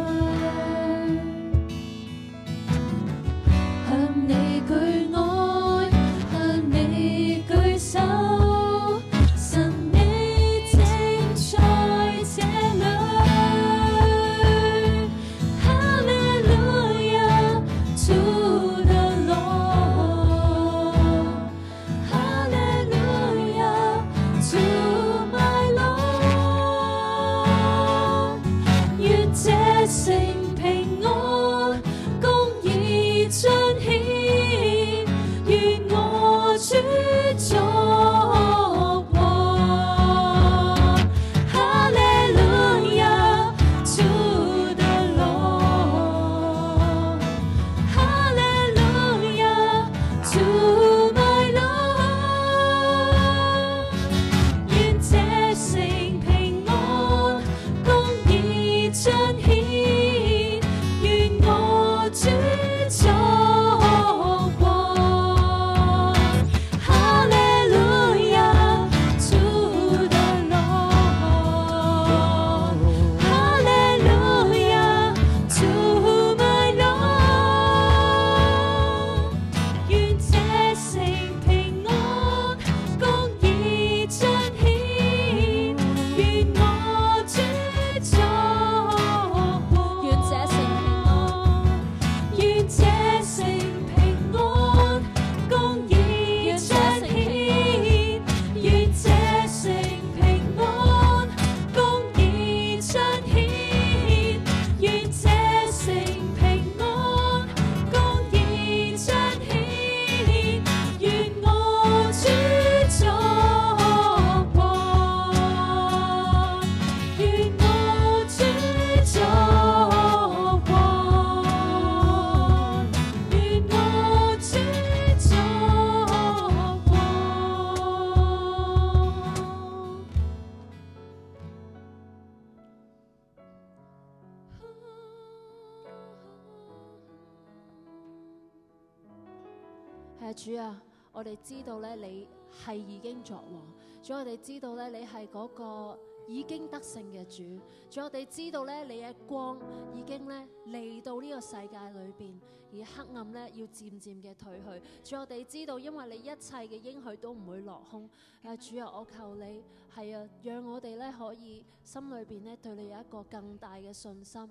我哋知道咧，你係已經作王，仲有我哋知道咧，你係嗰個已經得勝嘅主，仲有我哋知道咧，你嘅光已經咧嚟到呢個世界裏邊，而黑暗咧要漸漸嘅退去，仲有我哋知道，因為你一切嘅應許都唔會落空。啊，主啊，我求你係啊，讓我哋咧可以心裏邊咧對你有一個更大嘅信心，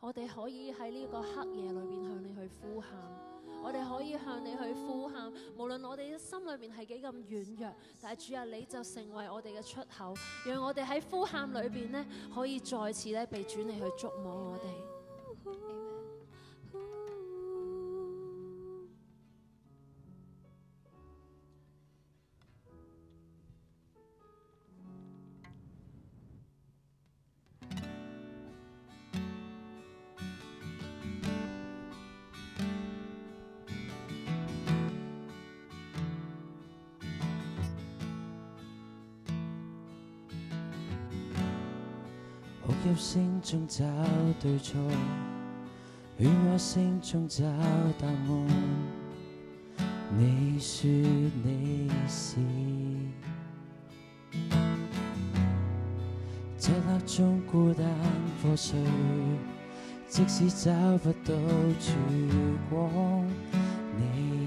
我哋可以喺呢個黑夜裏邊向你去呼喊。我哋可以向你去呼喊，無論我哋心裏面係幾咁軟弱，但係主啊，你就成為我哋嘅出口，讓我哋喺呼喊裏邊咧，可以再次咧被主你去觸摸我哋。心中找對錯，願我心中找答案。你說你是漆黑中孤單破碎，即使找不到曙光，你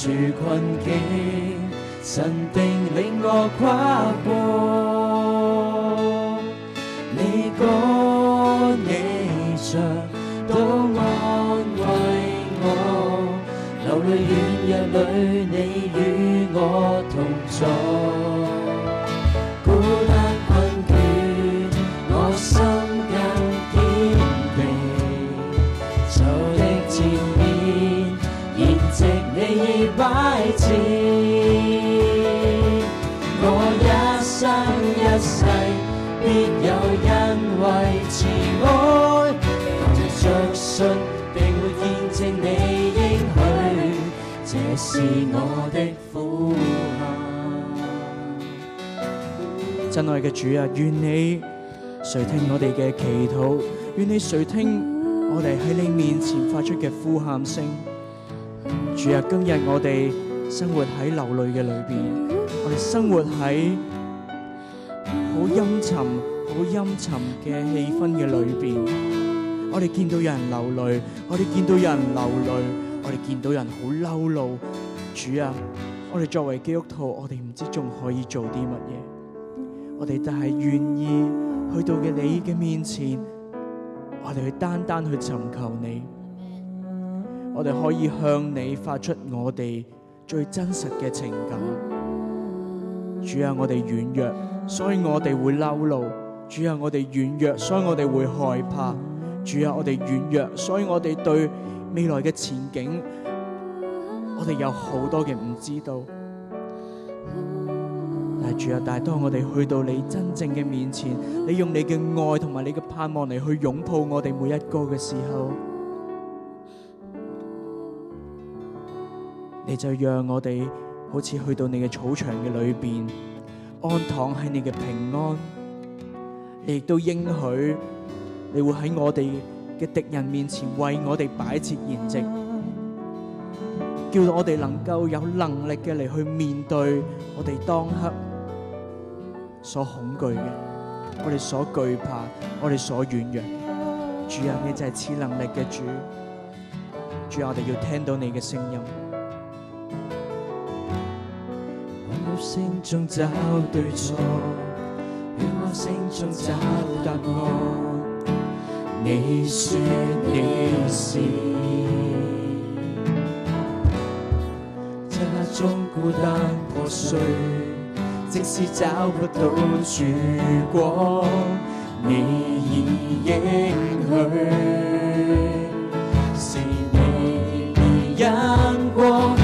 住困境，神定令我跨過。嘅主啊，願你垂聽我哋嘅祈禱，願你垂聽我哋喺你面前發出嘅呼喊聲。主啊，今日我哋生活喺流淚嘅裏邊，我哋生活喺好陰沉、好陰沉嘅氣氛嘅裏邊。我哋見到有人流淚，我哋見到有人流淚，我哋見到人好嬲怒。主啊，我哋作為基督徒，我哋唔知仲可以做啲乜嘢。我哋就係願意去到嘅你嘅面前，我哋去單單去尋求你。我哋可以向你發出我哋最真實嘅情感。主啊，我哋軟弱，所以我哋會嬲怒；主啊，我哋軟弱，所以我哋會害怕；主啊，我哋軟弱，所以我哋對未來嘅前景，我哋有好多嘅唔知道。但係主啊，但係當我哋去到你真正嘅面前，你用你嘅愛同埋你嘅盼望嚟去擁抱我哋每一個嘅時候，你就讓我哋好似去到你嘅草場嘅裏邊安躺喺你嘅平安。你亦都應許你會喺我哋嘅敵人面前為我哋擺設筵席，叫到我哋能夠有能力嘅嚟去面對我哋當刻。所恐懼嘅，我哋所懼怕，我哋所軟弱，主有嘅，就係此能力嘅主，主，我哋要聽到你嘅聲音。喺我心中找對錯，喺我心中找答案，你説你事真是真愛中孤單破碎。即使找不到曙光，你已應許。是你恩光。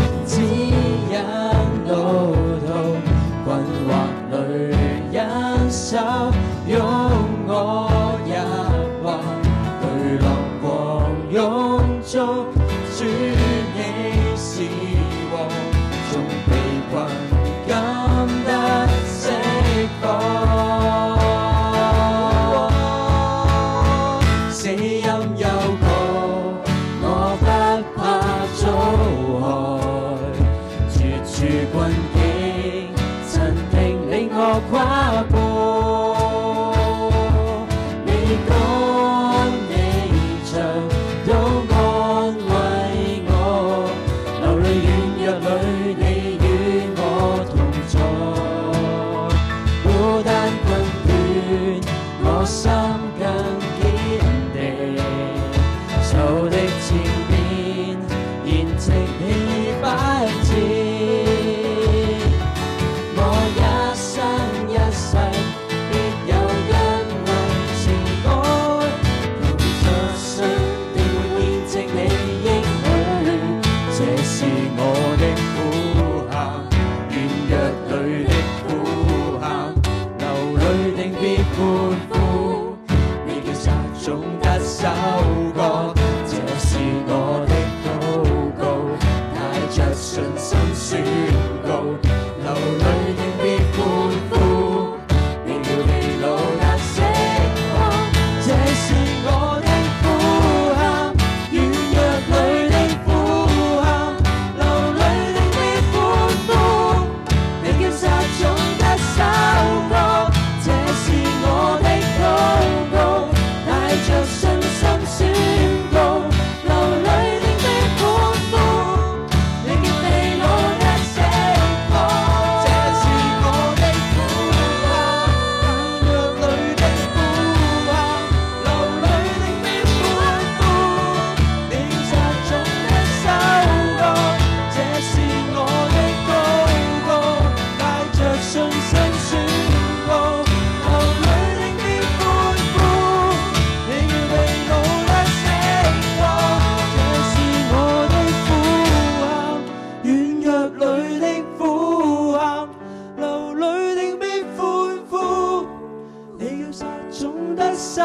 總得首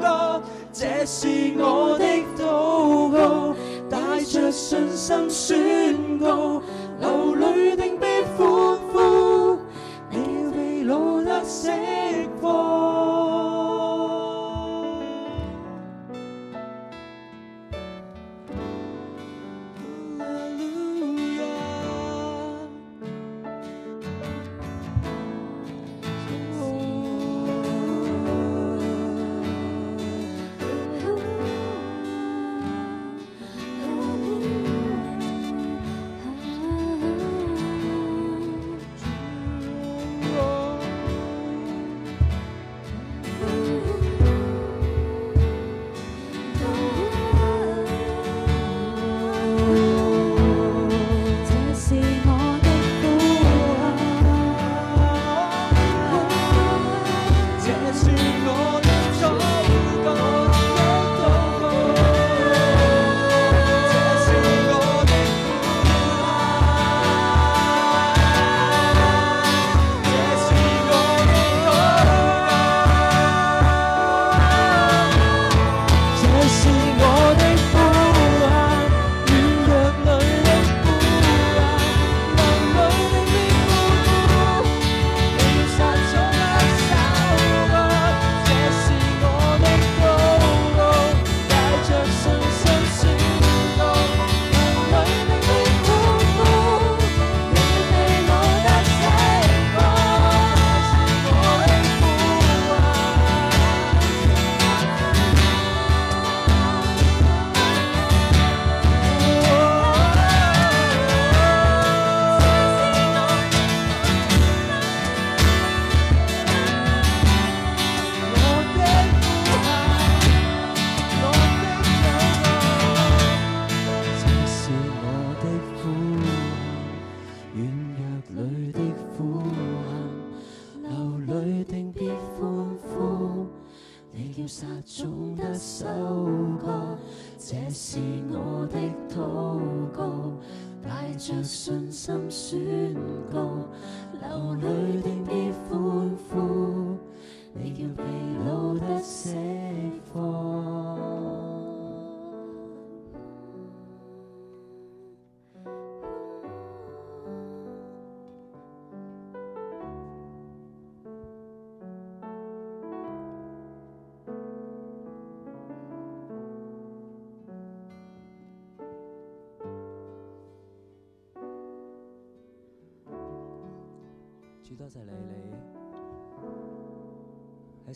歌，這是我的禱告，帶着信心宣告，流淚的。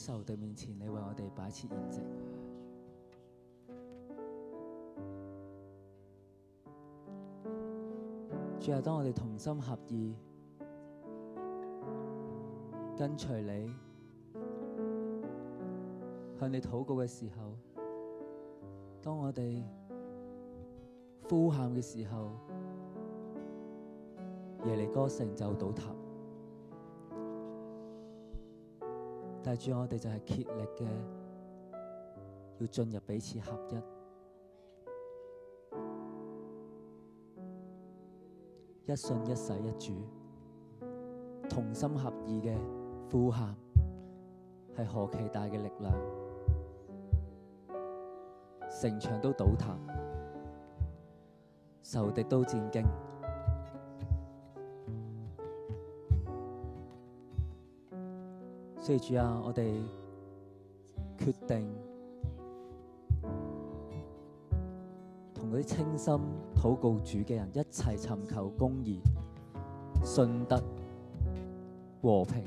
仇敵面前，你為我哋擺設筵席。最後，當我哋同心合意跟隨你，向你禱告嘅時候，當我哋呼喊嘅時候，耶利哥城就倒塌。帶住我哋就係竭力嘅，要進入彼此合一，一信、一洗、一主，同心合意嘅呼喊，係何其大嘅力量，城牆都倒塌，仇敵都戰兢。主啊，我哋決定同嗰啲清心禱告主嘅人一齊尋求公義、信德、和平。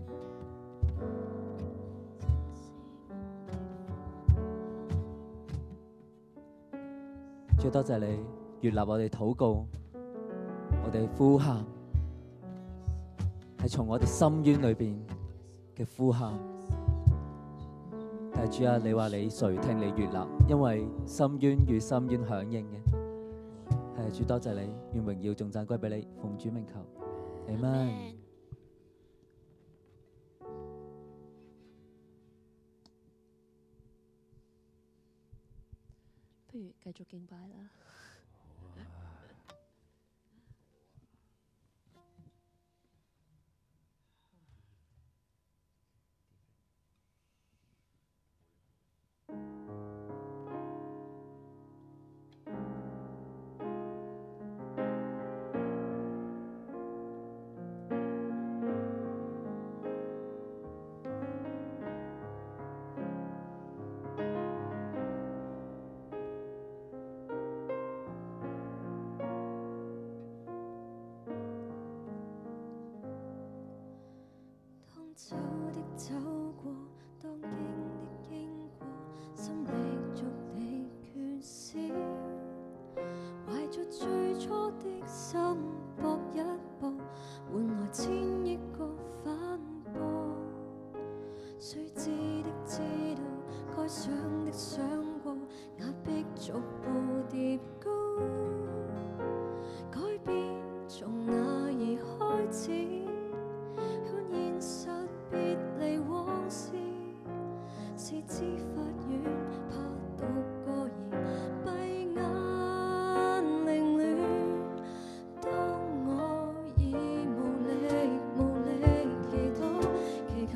最多謝你，悅納我哋禱告，我哋呼喊，係從我哋深淵裏邊。嘅呼喊，但係主啊，你話你誰聽你悅納？因為深淵與深淵響應嘅，係主多謝你，願榮耀、眾讚歸俾你，奉主名求，阿們。不如繼續敬拜啦。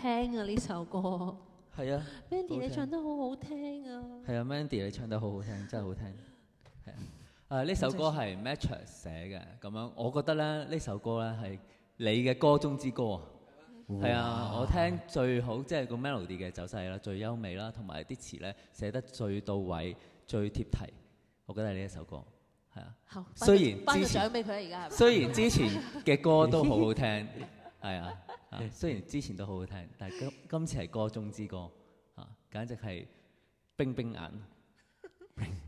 聽啊！呢首歌係啊，Mandy 你唱得好好聽啊！係啊，Mandy 你唱得好好聽，真係好聽。係啊，啊呢首歌係 Match 寫嘅咁樣，我覺得咧呢首歌咧係你嘅歌中之歌啊。係哇啊，我聽最好即係個 melody 嘅走勢啦，最優美啦，同埋啲詞咧寫得最到位、最貼題。我覺得係呢一首歌係啊。好，雖然之前，俾佢而家係咪？是是雖然之前嘅歌都好好聽，係 啊。雖然之前都好好聽，但係今今次係歌中之歌，嚇簡直係冰冰眼，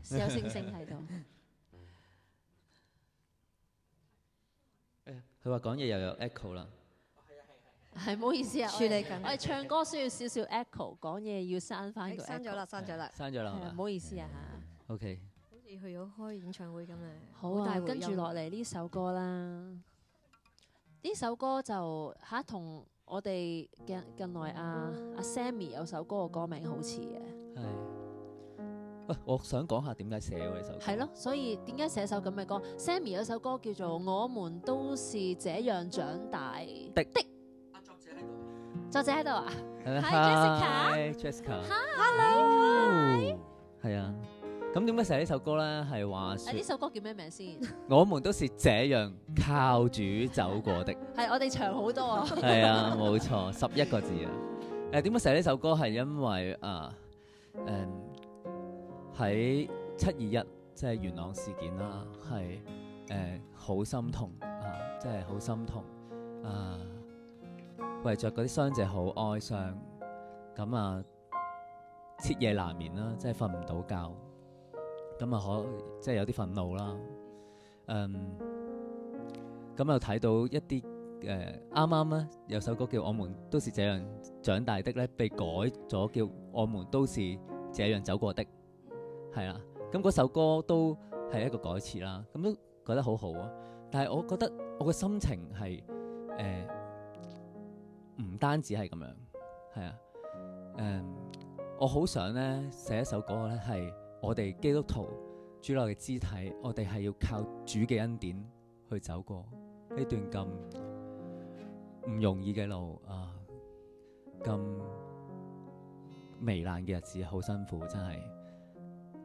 小 星星喺度。佢、 哎、話講嘢又有 echo 啦 ech。係唔、哎、好意思啊，處理緊。我哋唱歌需要少少 echo，講嘢要刪翻個 e 刪咗啦，刪咗啦。刪咗啦。唔好意思啊。OK。好似去咗開演唱會咁樣。好啊，跟住落嚟呢首歌啦。呢首歌就嚇同我哋近近來阿阿 Sammy 有首歌嘅歌名好似嘅。係。喂，我想講下點解寫喎呢首。係咯，所以點解寫首咁嘅歌？Sammy 有首歌叫做《我們都是這樣長大》。的的。阿作者喺度。作者喺度啊。係 Jessica。係 Jessica。Hello。係啊。咁點解寫呢首歌咧係話説？啊！呢首歌叫咩名先？我們都是這樣靠主走過的。係我哋長好多啊！係啊，冇錯，十一個字啊！誒點解寫呢首歌？係因為啊誒喺七二一即係元朗事件啦，係誒好心痛啊，即係好心痛啊，為著嗰啲傷者好哀傷，咁啊徹夜難眠啦，即係瞓唔到覺。咁啊，可即係有啲憤怒啦。嗯，咁又睇到一啲誒啱啱咧有首歌叫《我們都是這樣長大的》咧，被改咗叫《我們都是這樣走過的》。係啊，咁嗰首歌都係一個改詞啦。咁、嗯、都覺得好好啊。但係我覺得我嘅心情係誒唔單止係咁樣，係啊。誒、嗯，我好想咧寫一首歌咧係。我哋基督徒主內嘅肢體，我哋係要靠主嘅恩典去走過呢段咁唔容易嘅路啊，咁艱難嘅日子好辛苦，真係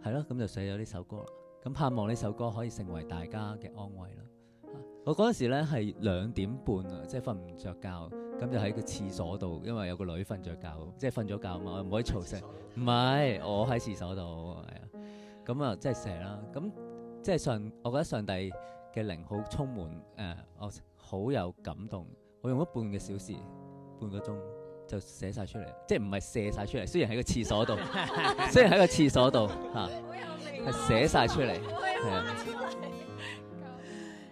係咯。咁就寫咗呢首歌啦，咁盼望呢首歌可以成為大家嘅安慰啦。我嗰陣時呢係兩點半啊，即係瞓唔着覺。咁就喺個廁所度，因為有個女瞓咗覺，即係瞓咗覺啊嘛，我唔可以嘈醒，唔係，我喺廁所度，係啊。咁啊，即係寫啦。咁即係上，我覺得上帝嘅靈好充滿，誒，我好有感動。我用咗半個小時，半個鐘就寫晒出嚟，即係唔係寫晒出嚟？雖然喺個廁所度，雖然喺個廁所度，嚇，係寫晒出嚟。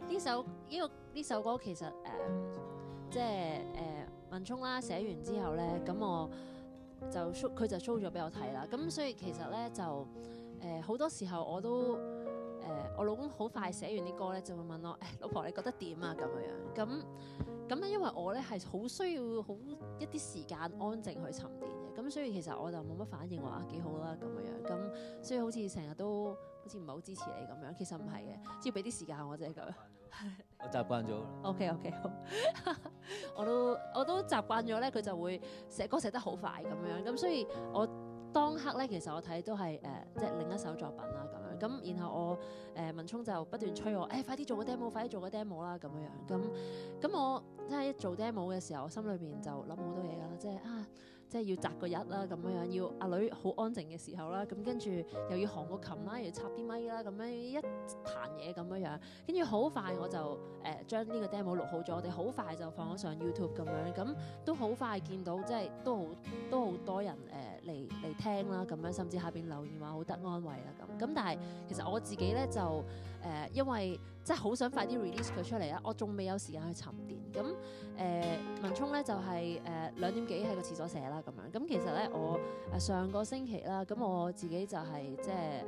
呢首呢個呢首歌其實誒，即係誒。文沖啦，寫完之後咧，咁我就 show 佢就 show 咗俾我睇啦。咁所以其實咧就誒好、呃、多時候我都誒、呃、我老公好快寫完啲歌咧，就會問我誒、哎、老婆你覺得點啊？咁樣樣咁咁咧，因為我咧係好需要好一啲時間安靜去沉澱嘅。咁所以其實我就冇乜反應話、啊、幾好啦咁樣樣。咁所以好似成日都好似唔係好支持你咁樣，其實唔係嘅，只要俾啲時間我啫咁樣。我習慣咗、okay, okay。O K O K，我都我都習慣咗咧，佢就會寫歌寫得好快咁樣，咁所以我當刻咧，其實我睇都係誒，即、呃、係、就是、另一首作品啦咁樣。咁然後我誒、呃、文聰就不斷催我，誒、哎、快啲做個 demo，快啲做個 demo 啦咁樣。咁咁我真係一做 demo 嘅時候，我心裏邊就諗好多嘢㗎啦，即、就、係、是、啊。即係要擇個日啦，咁樣要阿女好安靜嘅時候啦，咁跟住又要學個琴啦，又要插啲咪啦，咁樣一彈嘢咁樣，跟住好快我就誒、呃、將呢個 demo 錄好咗，我哋好快就放咗上 YouTube 咁樣，咁都好快見到，即係都好都好多人誒嚟嚟聽啦，咁樣甚至下邊留言話好得安慰啊咁，咁但係其實我自己咧就。誒，因為即係好想快啲 release 佢出嚟啊，我仲未有時間去沉澱。咁誒、呃，文沖文聰咧就係、是、誒、呃、兩點幾喺個廁所寫啦咁樣。咁其實咧，我、呃、上個星期啦，咁我自己就係即係誒。呃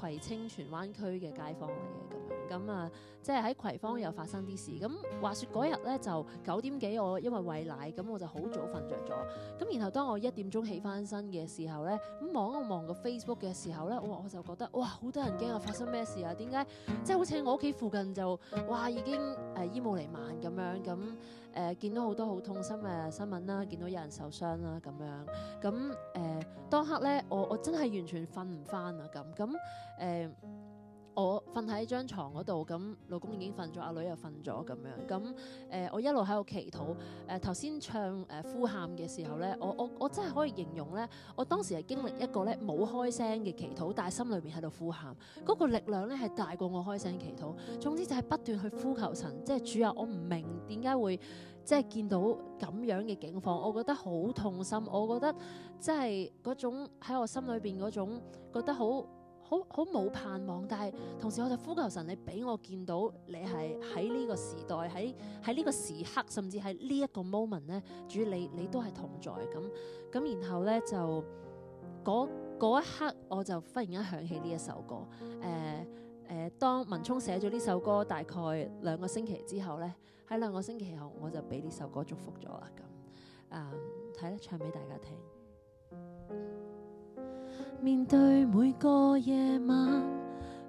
葵青荃灣區嘅街坊嚟嘅咁樣，咁啊，即係喺葵芳又發生啲事。咁話說嗰日咧就九點幾，我因為餵奶，咁我就好早瞓着咗。咁然後當我一點鐘起翻身嘅時候咧，咁望一望個 Facebook 嘅時候咧，我我就覺得哇，好多人驚啊！發生咩事啊？點解即係好似我屋企附近就哇已經誒煙霧瀰漫咁樣咁。呃誒、呃、見到好多好痛心嘅新聞啦，見到有人受傷啦咁樣，咁誒、呃、當刻咧，我我真係完全瞓唔返啊！咁咁誒，我瞓喺張床嗰度，咁老公已經瞓咗，阿女又瞓咗咁樣，咁誒、呃、我一路喺度祈禱。誒頭先唱誒、呃、呼喊嘅時候咧，我我我真係可以形容咧，我當時係經歷一個咧冇開聲嘅祈禱，但係心裏面喺度呼喊，嗰、那個力量咧係大過我開聲祈禱。總之就係不斷去呼求神，即係主啊！我唔明點解會。即係見到咁樣嘅境況，我覺得好痛心。我覺得即係嗰種喺我心裏邊嗰種覺得好好好冇盼望，但係同時我就呼求神，你俾我見到你係喺呢個時代，喺喺呢個時刻，甚至喺呢一個 moment 咧，主，你你都係同在。咁咁然後咧就嗰一刻，我就忽然間想起呢一首歌。誒、呃、誒、呃，當文聰寫咗呢首歌大概兩個星期之後咧。喺兩個星期後我就俾呢首歌祝福咗啦，咁啊睇咧唱俾大家聽。面對每個夜晚，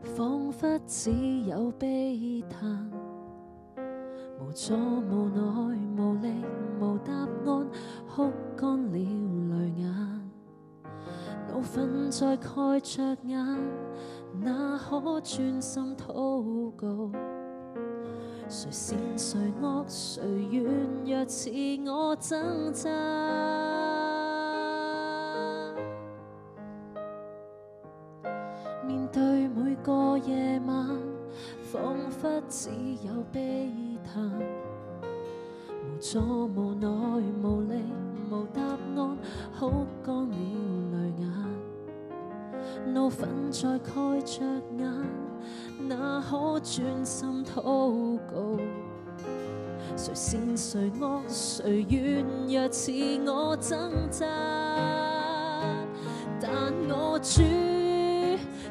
仿佛只有悲嘆，無助、無奈、無力、無答案，哭乾了淚眼，惱瞓在蓋着眼，哪可專心禱告？誰善誰惡誰軟弱似我掙扎？面對每個夜晚，彷彿只有悲嘆，無助無奈無力無理，無答案，好幹了。分在蓋着眼，那可專心禱告？誰善誰惡誰軟弱，似我掙扎。但我主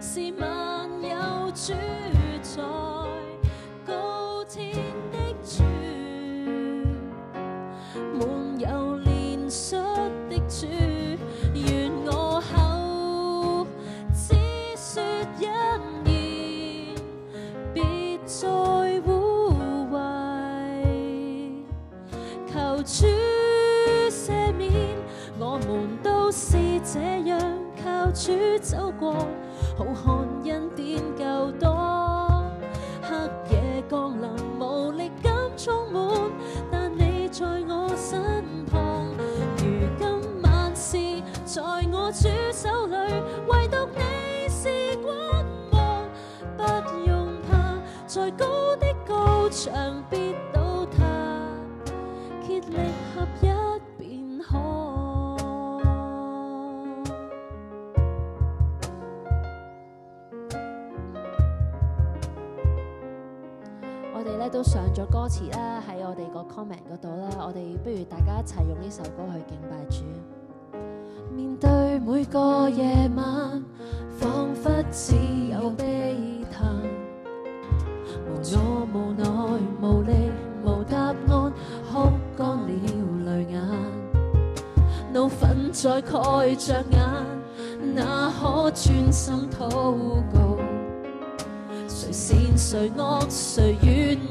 是萬有主宰。主走過，浩瀚恩典夠多。黑夜降臨，無力感充滿，但你在我身旁。如今萬事在我主手裏，唯獨你是寡望。不用怕，再高的高牆必倒塌。竭力都上咗歌詞啦，喺我哋個 comment 嗰度啦，我哋不如大家一齊用呢首歌去敬拜主。面對每個夜晚，彷彿只有悲嘆，無助、無奈、無力、無答案，哭乾了淚眼，怒憤在蓋著眼，哪可專心禱告？善誰惡誰軟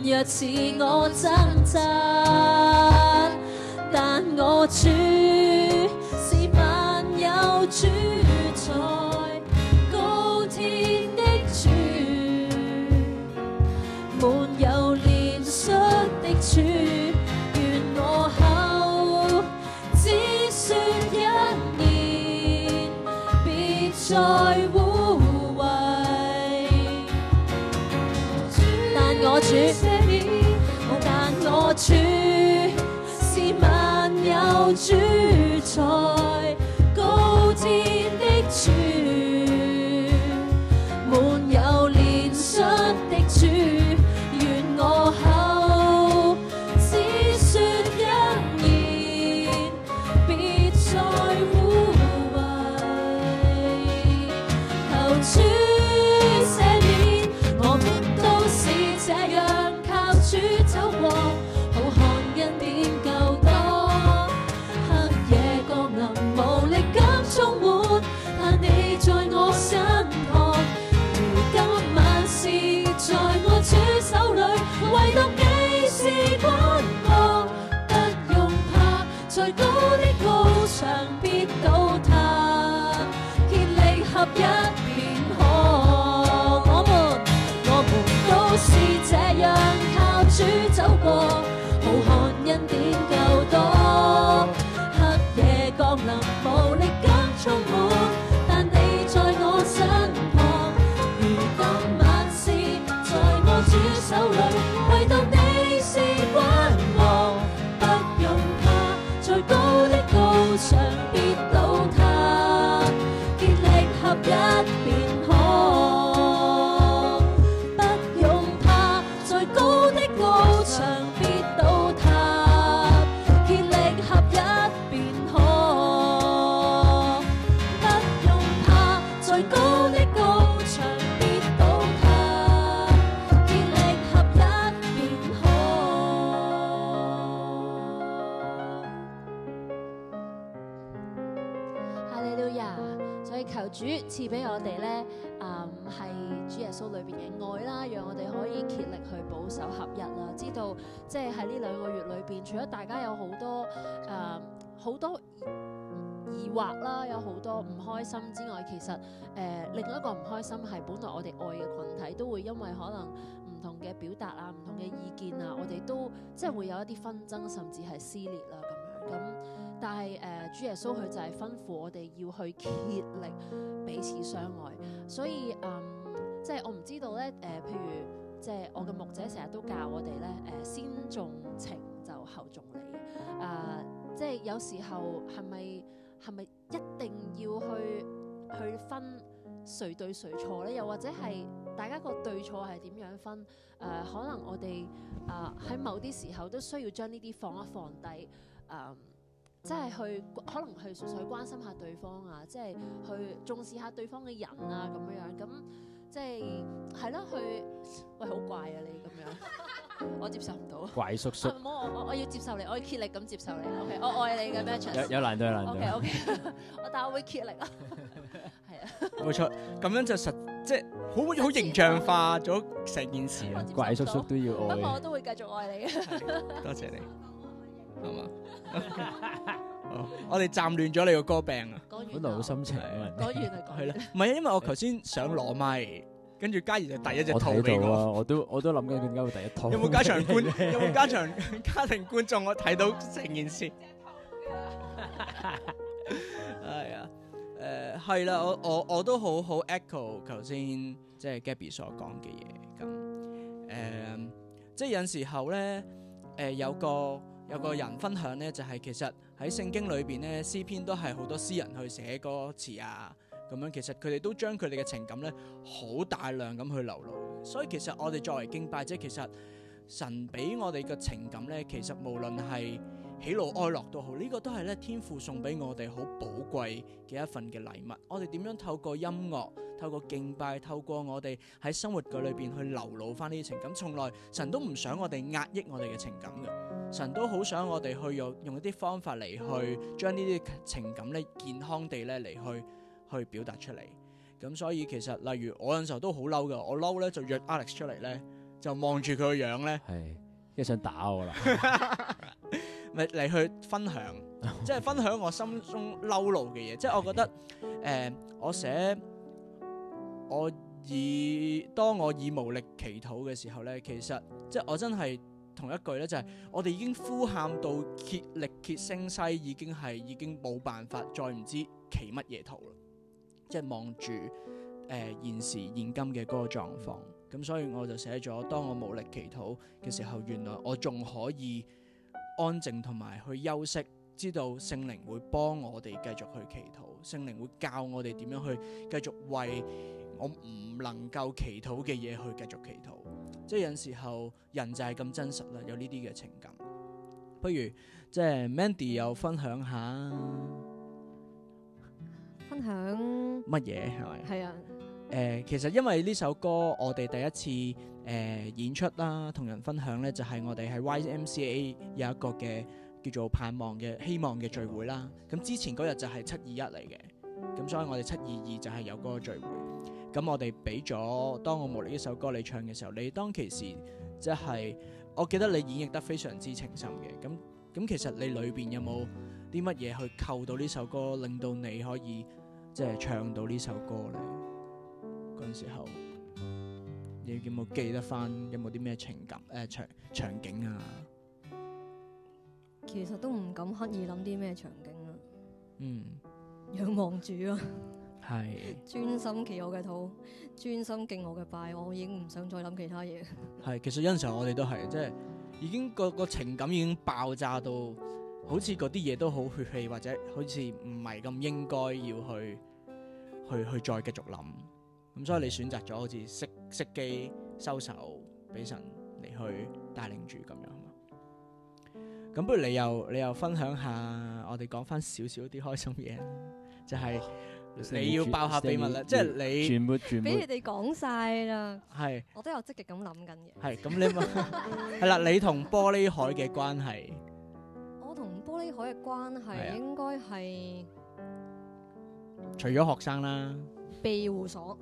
若自我掙扎，但我保守合一啦，知道即係喺呢兩個月裏邊，除咗大家有好多誒好、呃、多疑惑啦，有好多唔開心之外，其實誒、呃、另外一個唔開心係，本來我哋愛嘅群體都會因為可能唔同嘅表達啊、唔同嘅意見啊，我哋都即係會有一啲紛爭，甚至係撕裂啦咁樣咁。但係誒，主、呃、耶穌佢就係吩咐我哋要去竭力彼此相愛，所以嗯、呃，即係我唔知道咧誒、呃，譬如。即係我嘅牧者成日都教我哋咧，誒先重情就後重理啊、呃，即係有時候係咪係咪一定要去去分誰對誰錯咧？又或者係大家個對錯係點樣分？誒、呃、可能我哋啊喺某啲時候都需要將呢啲放一放低，誒、呃、即係去可能去純粹關心下對方啊，即係去重視下對方嘅人啊咁樣樣咁。即係係咯，佢，喂，好怪啊你咁樣，我接受唔到。怪叔叔，唔好我我要接受你，我要竭力咁接受你。O K，我愛你嘅咩？有，有難度，有難度 O K O K，我但我會竭力咯，係啊。冇錯，咁樣就實即係好好形象化咗成件事啊！怪叔叔都要愛。不過我都會繼續愛你啊！多謝你，係嘛？Oh, 我哋站亂咗你個歌病啊！講完，本來好心情，講完係啦，唔係啊，因為我頭先想攞咪，跟住嘉怡就第一隻套，我都我都諗緊點解會第一套。 有冇加長觀？有冇加長家庭觀眾？我睇到成件事。哈哈哈！係啊，誒，係啦，我我我都好好 echo 頭先即係 Gabby 所講嘅嘢咁誒，即係有時候咧誒，有、呃、個有個人分享咧，就係、是、其實。喺聖經裏邊呢，詩篇都係好多詩人去寫歌詞啊，咁樣其實佢哋都將佢哋嘅情感呢好大量咁去流露。所以其實我哋作為敬拜者，其實神俾我哋嘅情感呢，其實無論係。喜怒哀樂都好，呢個都係咧，天父送俾我哋好寶貴嘅一份嘅禮物。我哋點樣透過音樂、透過敬拜、透過我哋喺生活嘅裏邊去流露翻呢啲情感？從來神都唔想我哋壓抑我哋嘅情感嘅，神都好想我哋去用用一啲方法嚟去將呢啲情感咧健康地咧嚟去去表達出嚟。咁所以其實例如我有陣時候都好嬲噶，我嬲咧就約 Alex 出嚟咧，就望住佢個樣咧，係一想打我啦。 咪嚟去分享， 即係分享我心中嬲怒嘅嘢。 即係我覺得，誒、呃，我寫，我以當我以無力祈禱嘅時候咧，其實即係我真係同一句咧，就係我哋已經呼喊到竭力竭聲西，已經係已經冇辦法再唔知祈乜嘢禱啦。即係望住誒、呃、現時現今嘅嗰個狀況，咁所以我就寫咗，當我無力祈禱嘅時候，原來我仲可以。安靜同埋去休息，知道聖靈會幫我哋繼續去祈禱，聖靈會教我哋點樣去繼續為我唔能夠祈禱嘅嘢去繼續祈禱。即係有時候人就係咁真實啦，有呢啲嘅情感。不如即係 Mandy 又分享下，分享乜嘢係咪？係啊，誒、呃，其實因為呢首歌我哋第一次。誒、呃、演出啦，同人分享咧，就係、是、我哋喺 YMCA 有一個嘅叫做盼望嘅希望嘅聚會啦。咁之前嗰日就係七二一嚟嘅，咁所以我哋七二二就係有嗰個聚會。咁我哋俾咗《當我無力》呢首歌你唱嘅時候，你當其時即、就、係、是、我記得你演繹得非常之情深嘅。咁咁其實你裏邊有冇啲乜嘢去扣到呢首歌，令到你可以即係、就是、唱到呢首歌咧？嗰時候。你有冇記得返有冇啲咩情感？誒、呃、場場景啊，其實都唔敢刻意諗啲咩場景啊。嗯，仰望主啊，係是專心祈我嘅禱，專心敬我嘅拜。我已經唔想再諗其他嘢。係，其實有時候我哋都係即係已經個個情感已經爆炸到，好似嗰啲嘢都好血氣，或者好似唔係咁應該要去去去再繼續諗。咁所以你選擇咗好似識。熄機收手，俾神嚟去帶領住咁樣。咁不如你又你又分享下，我哋講翻少少啲開心嘢，就係、是 oh, 你要爆下秘密啦，即係 Stay 全部全你俾你哋講晒啦。係是，我都有積極咁諗緊嘅。係咁，你係啦， 你同玻璃海嘅關係， 我同玻璃海嘅關係應該係是、啊、除咗學生啦， 庇護所。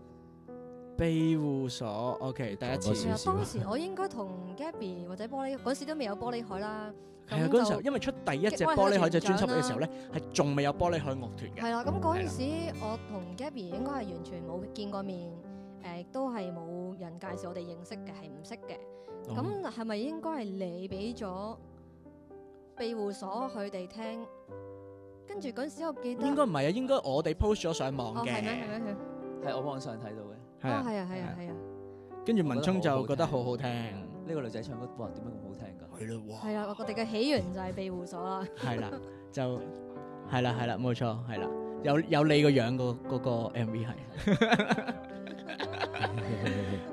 庇護所，OK，第一次。當時我應該同 Gabby 或者玻璃嗰時都未有玻璃海啦。係啊，嗰陣時候，因為出第一隻玻璃海隻專輯嘅時候咧，係仲未有玻璃海樂團嘅。係啦，咁嗰陣時我同 Gabby 應該係完全冇見過面，誒、呃，都係冇人介紹我哋認識嘅，係唔、嗯、識嘅。咁係咪應該係你俾咗庇護所佢哋聽？跟住嗰陣時我記得，應該唔係啊，應該我哋 post 咗上網嘅。係咩、哦？係咩？係我網上睇到嘅.。 係啊，係啊，係啊！跟住文聰就覺得好好聽，呢個女仔唱歌哇，點解咁好聽噶？係咯，係啊，我哋嘅起源就係庇護所啦。係啦，就係啦，係啦，冇錯，係啦，有有你個樣嗰嗰個 MV 係，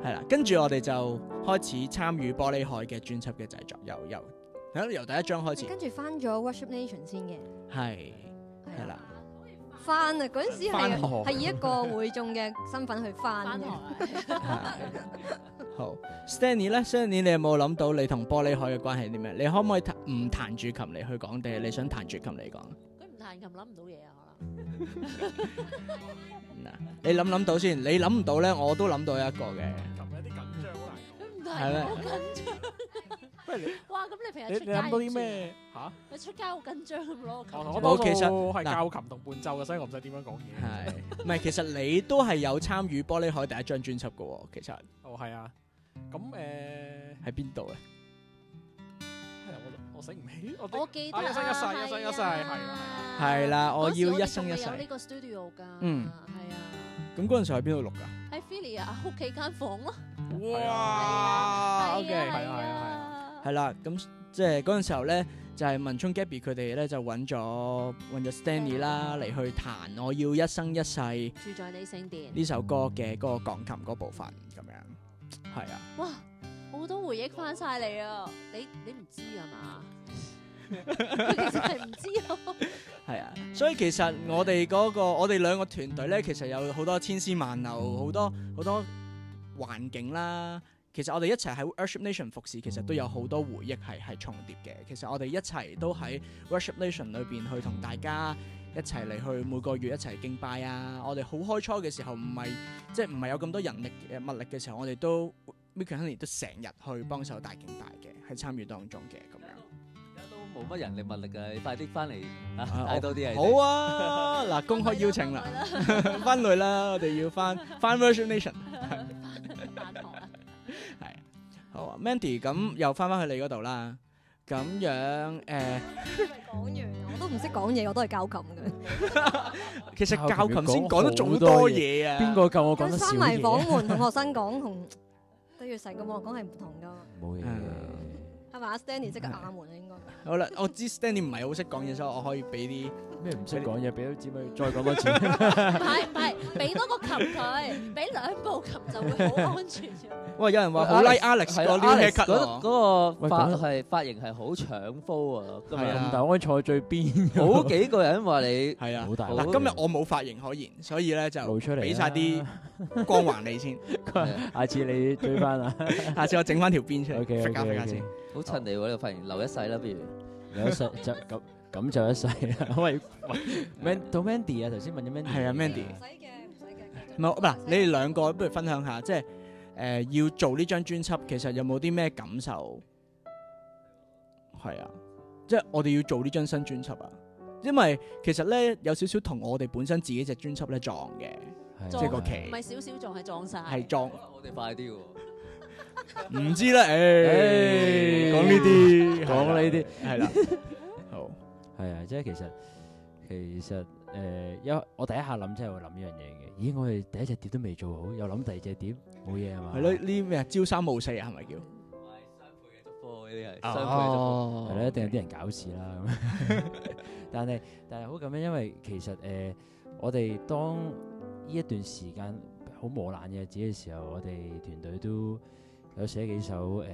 係啦。跟住我哋就開始參與《玻璃海》嘅專輯嘅製作，由由由第一張開始。跟住翻咗《Worship Nation》先嘅。係，係啦。翻啊！嗰陣時係係以一個會眾嘅身份去翻嘅。好，Stanley 咧，Stanley，你有冇諗到你同玻璃海嘅關係係啲咩？你可唔可以彈唔彈住琴嚟去講？定係你想彈住琴嚟講？佢唔彈琴諗唔到嘢啊！可能。你諗唔諗到先？你諗唔到咧，我都諗到一個嘅。琴有啲緊張，好難講。係啦。哇！咁你平日你你諗到啲咩吓？你出街好緊張咁咯。冇，其實我係教琴同伴奏嘅，所以我唔使點樣講嘢。係，唔係，其實你都係有參與玻璃海第一張專輯嘅。其實哦，係啊。咁誒，喺邊度咧？係我我醒唔起。我我記得啊，一生一世，一生一世，係係係啦。我要一生一世。有呢個 studio 噶。嗯，係啊。咁嗰陣時喺邊度錄噶？喺 Filia 屋企間房咯。哇！OK，係啊，係啊，係。係、就是、啦，咁即係嗰陣時候咧，就係文聰 Gabby 佢哋咧就揾咗揾咗 Stanley 啦嚟去彈我要一生一世，住在你聖殿呢首歌嘅嗰、那個鋼琴嗰部分咁樣，係啊，哇，好多回憶翻晒嚟啊！你你唔知啊嘛？其實係唔知咯，係啊，所以其實我哋嗰、那個我哋兩個團隊咧，其實有好多千絲萬縷，好多好多,多環境啦。其實我哋一齊喺 Worship Nation 服侍，其實都有好多回憶係係重疊嘅。其實我哋一齊都喺 Worship Nation 裏邊去同大家一齊嚟去每個月一齊敬拜啊！我哋好開初嘅時候唔係即係唔係有咁多人力物力嘅時候，我哋都 Michael Henry 都成日去幫手大敬拜嘅，喺參與當中嘅咁樣。而家都冇乜人力物力嘅，你快啲翻嚟睇多啲嘢，啊。好啊，嗱公開邀請啦，翻嚟啦，我哋要翻翻 Worship Nation。係，好啊 Mandy 咁又翻翻去你嗰度啦，咁樣誒，講、欸、完我都唔識講嘢，我都係教琴嘅。 其實教琴先講咗仲多嘢啊，邊個教我講得少？閂埋房門，同學生講，同都要成個網講係唔同噶嘛。冇嘢，係咪？Stanny 即係個啞門啊，應該。好啦，我知 Stanny 唔係好識講嘢，所以我可以俾啲。咩唔識講嘢？俾多姊妹再講多次。唔係唔係，俾多個琴佢，俾兩部琴就會好安全。喂！有人話好拉 Alex，係我呢個覺得嗰個發係髮型係好長膚啊。係啊，但係我可以坐最邊，好幾個人話你係啊，好大。嗱，今日我冇髮型可言，所以咧就出嚟俾曬啲光環你先。下次你追翻啊！下次我整翻條辮出嚟。好襯你喎，呢個髮型留一世啦，不如留一世就咁。噉就一世啊！喂，到 Mandy 啊，頭先問咗 Mandy。係啊，Mandy。唔使嘅，唔使嘅。嗱，你哋兩個不如分享下，即係誒要做呢張專輯，其實有冇啲咩感受？係啊，即係我哋要做呢張新專輯啊，因為其實咧有少少同我哋本身自己隻專輯咧撞嘅，即係個期。唔係少少撞，係撞晒。係撞。我哋快啲喎！唔知啦，誒，講呢啲，講呢啲，係啦。係啊，即係其實其實誒，因、呃、為我第一下諗真係會諗呢樣嘢嘅。咦，我哋第一隻碟都未做好，又諗第二隻碟，冇嘢係嘛？係咯，呢啲咩朝三暮四是是啊，係咪叫？唔係雙倍嘅祝福呢啲係，雙倍嘅祝福係咯，一定有啲人搞事啦咁。 但係但係好咁樣，因為其實誒、呃，我哋當呢一段時間好磨難嘅日子嘅時候，我哋團隊都有寫幾首誒，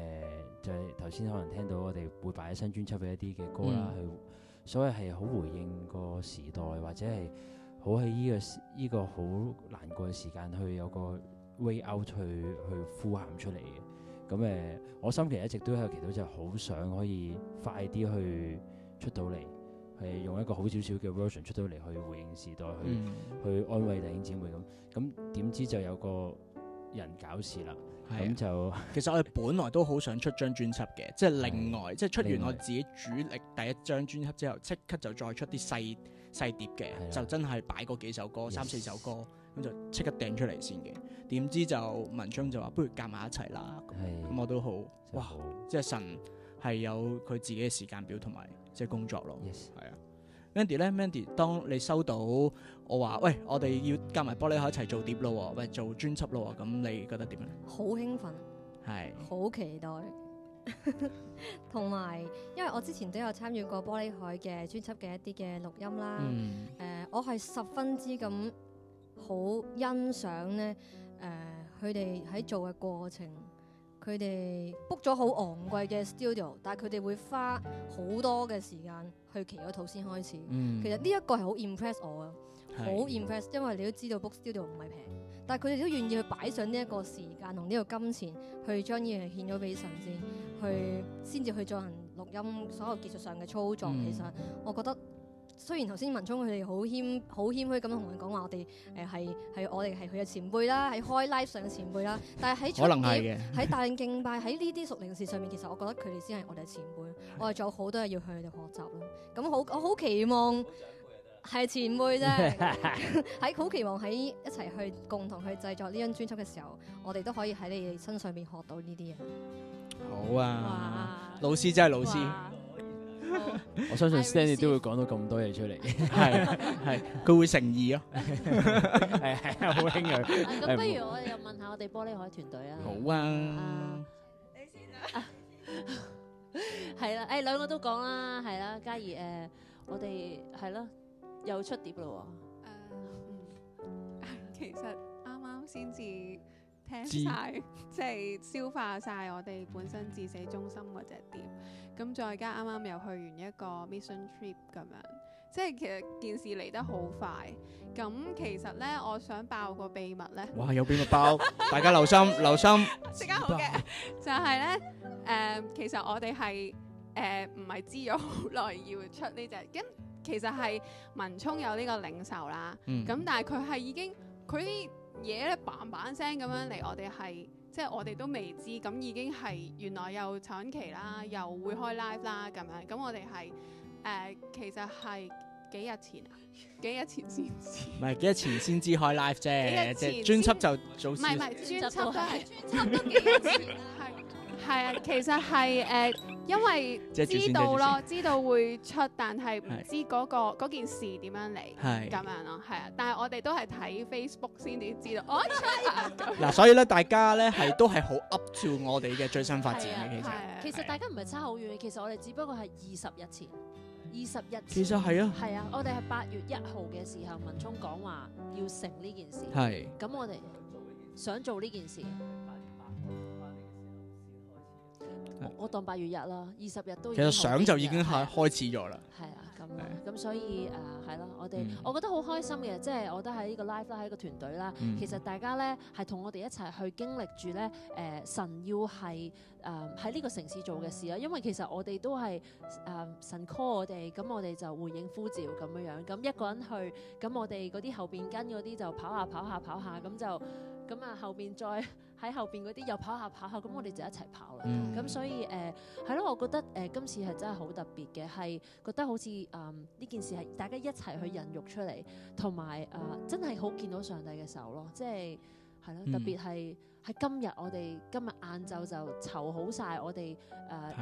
就係頭先可能聽到我哋會擺喺新，新專輯嘅一啲嘅歌啦，去、嗯。所以係好回應個時代，或者係好喺呢個依、這個好難過嘅時間去有個 way out 去去呼喊出嚟嘅。咁誒、呃，我心期一直都喺度，祈禱，就好想可以快啲去出到嚟，係用一個好少少嘅 version 出到嚟去回應時代，去、嗯、去安慰弟兄姊妹咁。咁點知就有個。人搞事啦，咁就其實我哋本來都好想出張專輯嘅， 即係另外 即係出完我自己主力第一張專輯之後，即刻就再出啲細細碟嘅， 就真係擺嗰幾首歌、 三四首歌咁就即刻掟出嚟先嘅。點知就文章就話不如夾埋一齊啦，咁 我都好 哇，即係神係有佢自己嘅時間表同埋即係工作咯，係啊。Mandy 咧，Mandy，當你收到我話，喂，我哋要加埋玻璃海一齊做碟咯，喂，做專輯咯，咁你覺得點樣咧？好興奮，係是，好期待，同 埋，因為我之前都有參與過玻璃海嘅專輯嘅一啲嘅錄音啦，誒、嗯呃，我係十分之咁好欣賞咧，誒、呃，佢哋喺做嘅過程。佢哋 book 咗好昂貴嘅 studio，但係佢哋會花好多嘅時間去祈個禱先開始。嗯、其實呢一個係好 impress 我嘅，好是 impress，因為你都知道 book studio 唔係平，但係佢哋都願意去擺上呢一個時間同呢個金錢去將呢樣獻咗俾神先，去先至去進行錄音所有技術上嘅操作。嗯、其實我覺得。雖然頭先文聰佢哋好謙好謙虛咁同我講話、呃，我哋誒係係我哋係佢嘅前輩啦，係開 live 上嘅前輩啦。但係喺可能喺大慶敬拜喺呢啲屬靈事上面，其實我覺得佢哋先係我哋嘅前輩， 我哋仲有好多嘢要向佢哋學習咯。咁好，我好期望係前輩啫，喺好 期望喺一齊去共同去製作呢張專輯嘅時候，我哋都可以喺你哋身上面學到呢啲嘢。好啊，哇老師真係老師。我相信 Stanley 都會講到咁多嘢出嚟，係係佢會誠意咯，係係好謙讓。咁不如我哋又問下我哋玻璃海團隊啊，好啊，你先啦，係啦，誒，兩個都講啦，係啦，嘉怡，誒，我哋係啦，又出碟啦喎，誒，其實啱啱先至。聽晒，即係自 消化晒我哋本身至死忠心嗰隻碟。咁再加啱啱又去完一個 mission trip 咁樣，即係其實件事嚟得好快。咁其實咧，我想爆個秘密咧。哇！有秘密爆， 大家留心， 留心。食刻好嘅， 就係咧，誒、呃，其實我哋係誒唔係知咗好耐要出呢隻。咁其實係文聰有呢個領袖啦。嗯。咁但係佢係已經佢。嘢咧嘭嘭聲咁樣嚟，我哋係即係我哋都未知，咁已經係原來又產期啦，又會開 live 啦咁樣，咁我哋係誒，其實係幾日前啊？幾日前先知？唔係 幾，幾日前先知開 live 啫，即係專輯就早唔係唔係專輯都係專輯都幾日前啊？係係啊，其實係誒。呃因為知道咯，知道會出，但係唔知嗰個件事點樣嚟，咁樣咯，係啊。但係我哋都係睇 Facebook 先至知道。嗱，所以咧，大家咧係都係好 update 我哋嘅最新發展嘅。其實其實大家唔係差好遠，其實我哋只不過係二十日前，二十日前其實係啊，係啊，我哋係八月一號嘅時候，文沖講話要成呢件事，係咁我哋想做呢件事。我當八月日啦，二十日都已經其實想就已經係開始咗啦。係啊，咁咁所以誒係咯，我哋、嗯、我覺得好開心嘅，即、就、係、是、我覺得喺呢個 life 啦，喺個團隊啦，嗯、其實大家咧係同我哋一齊去經歷住咧誒神要係誒喺呢個城市做嘅事啦。因為其實我哋都係誒、呃、神 call 我哋，咁我哋就回應呼召咁樣樣。咁一個人去，咁我哋嗰啲後邊跟嗰啲就跑下跑下跑下，咁就咁啊後邊再。 喺後邊嗰啲又跑下跑下，咁我哋就一齊跑啦。咁、嗯、所以誒，係、呃、咯，我覺得誒、呃、今次係真係好特別嘅，係覺得好似誒呢件事係大家一齊去孕育出嚟，同埋誒真係好見到上帝嘅手咯。即係係咯，特別係喺、嗯、今日我哋今日晏晝就籌好晒我哋誒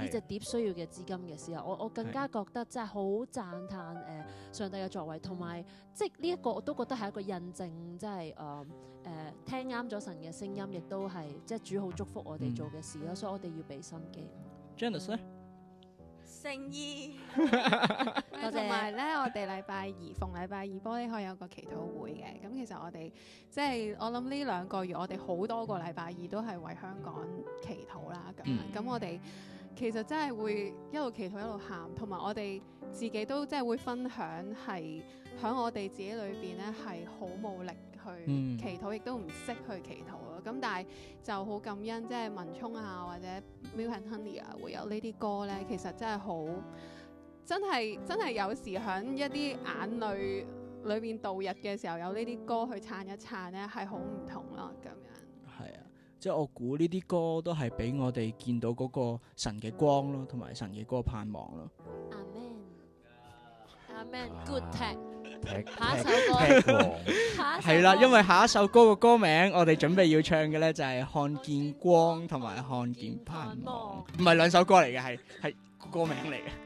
呢隻碟需要嘅資金嘅時候，我我更加覺得真係好讚歎誒、呃、上帝嘅作為，同埋即係呢一個我都覺得係一個印證，即係誒。呃誒聽啱咗神嘅聲音，亦都係即係主好祝福我哋做嘅事咯，嗯、所以我哋要畀心機。Janice 咧、嗯、誠意，同埋咧，我哋禮拜二逢禮拜二玻璃可以有個祈禱會嘅。咁、嗯、其實我哋即係我諗呢兩個月，我哋好多個禮拜二都係為香港祈禱啦。咁咁、嗯嗯嗯、我哋其實真係會一路祈禱一路喊，同埋我哋自己都即係會分享，係喺我哋自己裏邊咧係好冇力，力。嗯、去祈禱，亦都唔識去祈禱咯。咁但係就好感恩，即係文沖啊或者 Milk and Honey 啊，會有呢啲歌咧。其實真係好，真係真係有時響一啲眼淚裏面度日嘅時候，有呢啲歌去撐一撐咧，係好唔同咯。咁樣係啊，即係我估呢啲歌都係俾我哋見到嗰個神嘅光咯，同埋神嘅嗰個盼望咯。阿 Man，阿 Man，good take。劈劈劈王，係啦，因為下一首歌嘅歌名， 我哋準備要唱嘅咧就係、是、看見光同埋看見盼望，唔係兩首歌嚟嘅，係係歌名嚟嘅。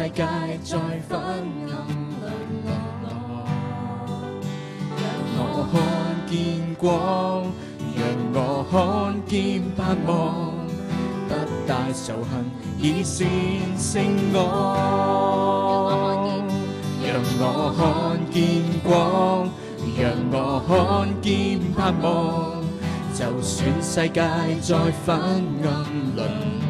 世界再昏暗裡落寞，讓我看見光，讓我看見盼望，不帶仇恨，以善勝惡。讓我看見光，讓我看見盼望，就算世界再昏暗裡。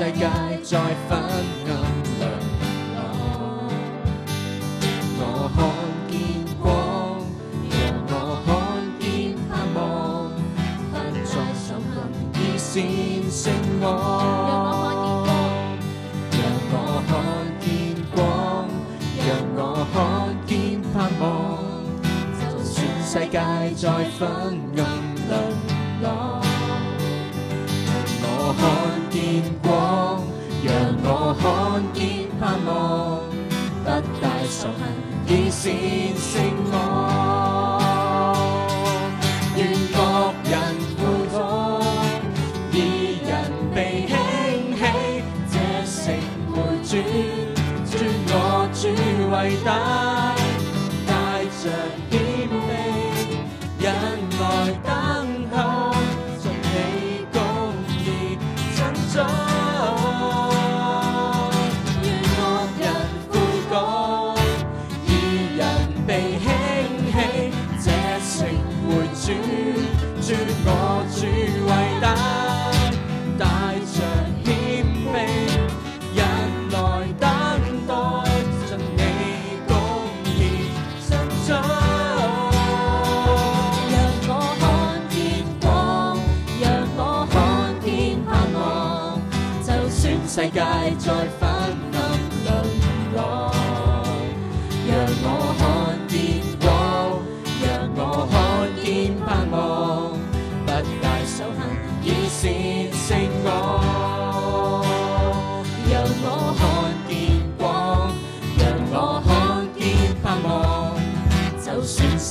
世界再昏暗冷冷，我看見光，讓我看見盼望。不再受困，以善勝惡，讓我看見光，讓我看見光，讓我看見盼望。就算世界再昏暗冷冷。看見光，讓我看見盼望，不帶仇恨，以善勝惡。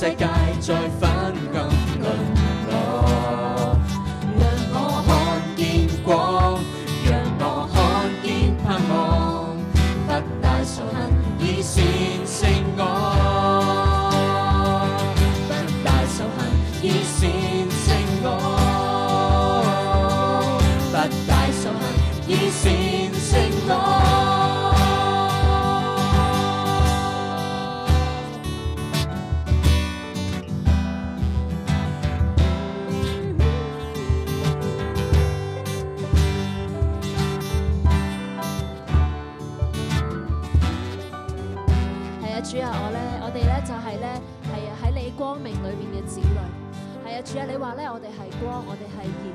世界在昏暗淪落，讓我看見光，讓我看見盼望。不帶仇恨，以善勝惡。不帶仇恨，以善勝惡，不帶仇恨，以善。咧，我哋係光，我哋係鹽。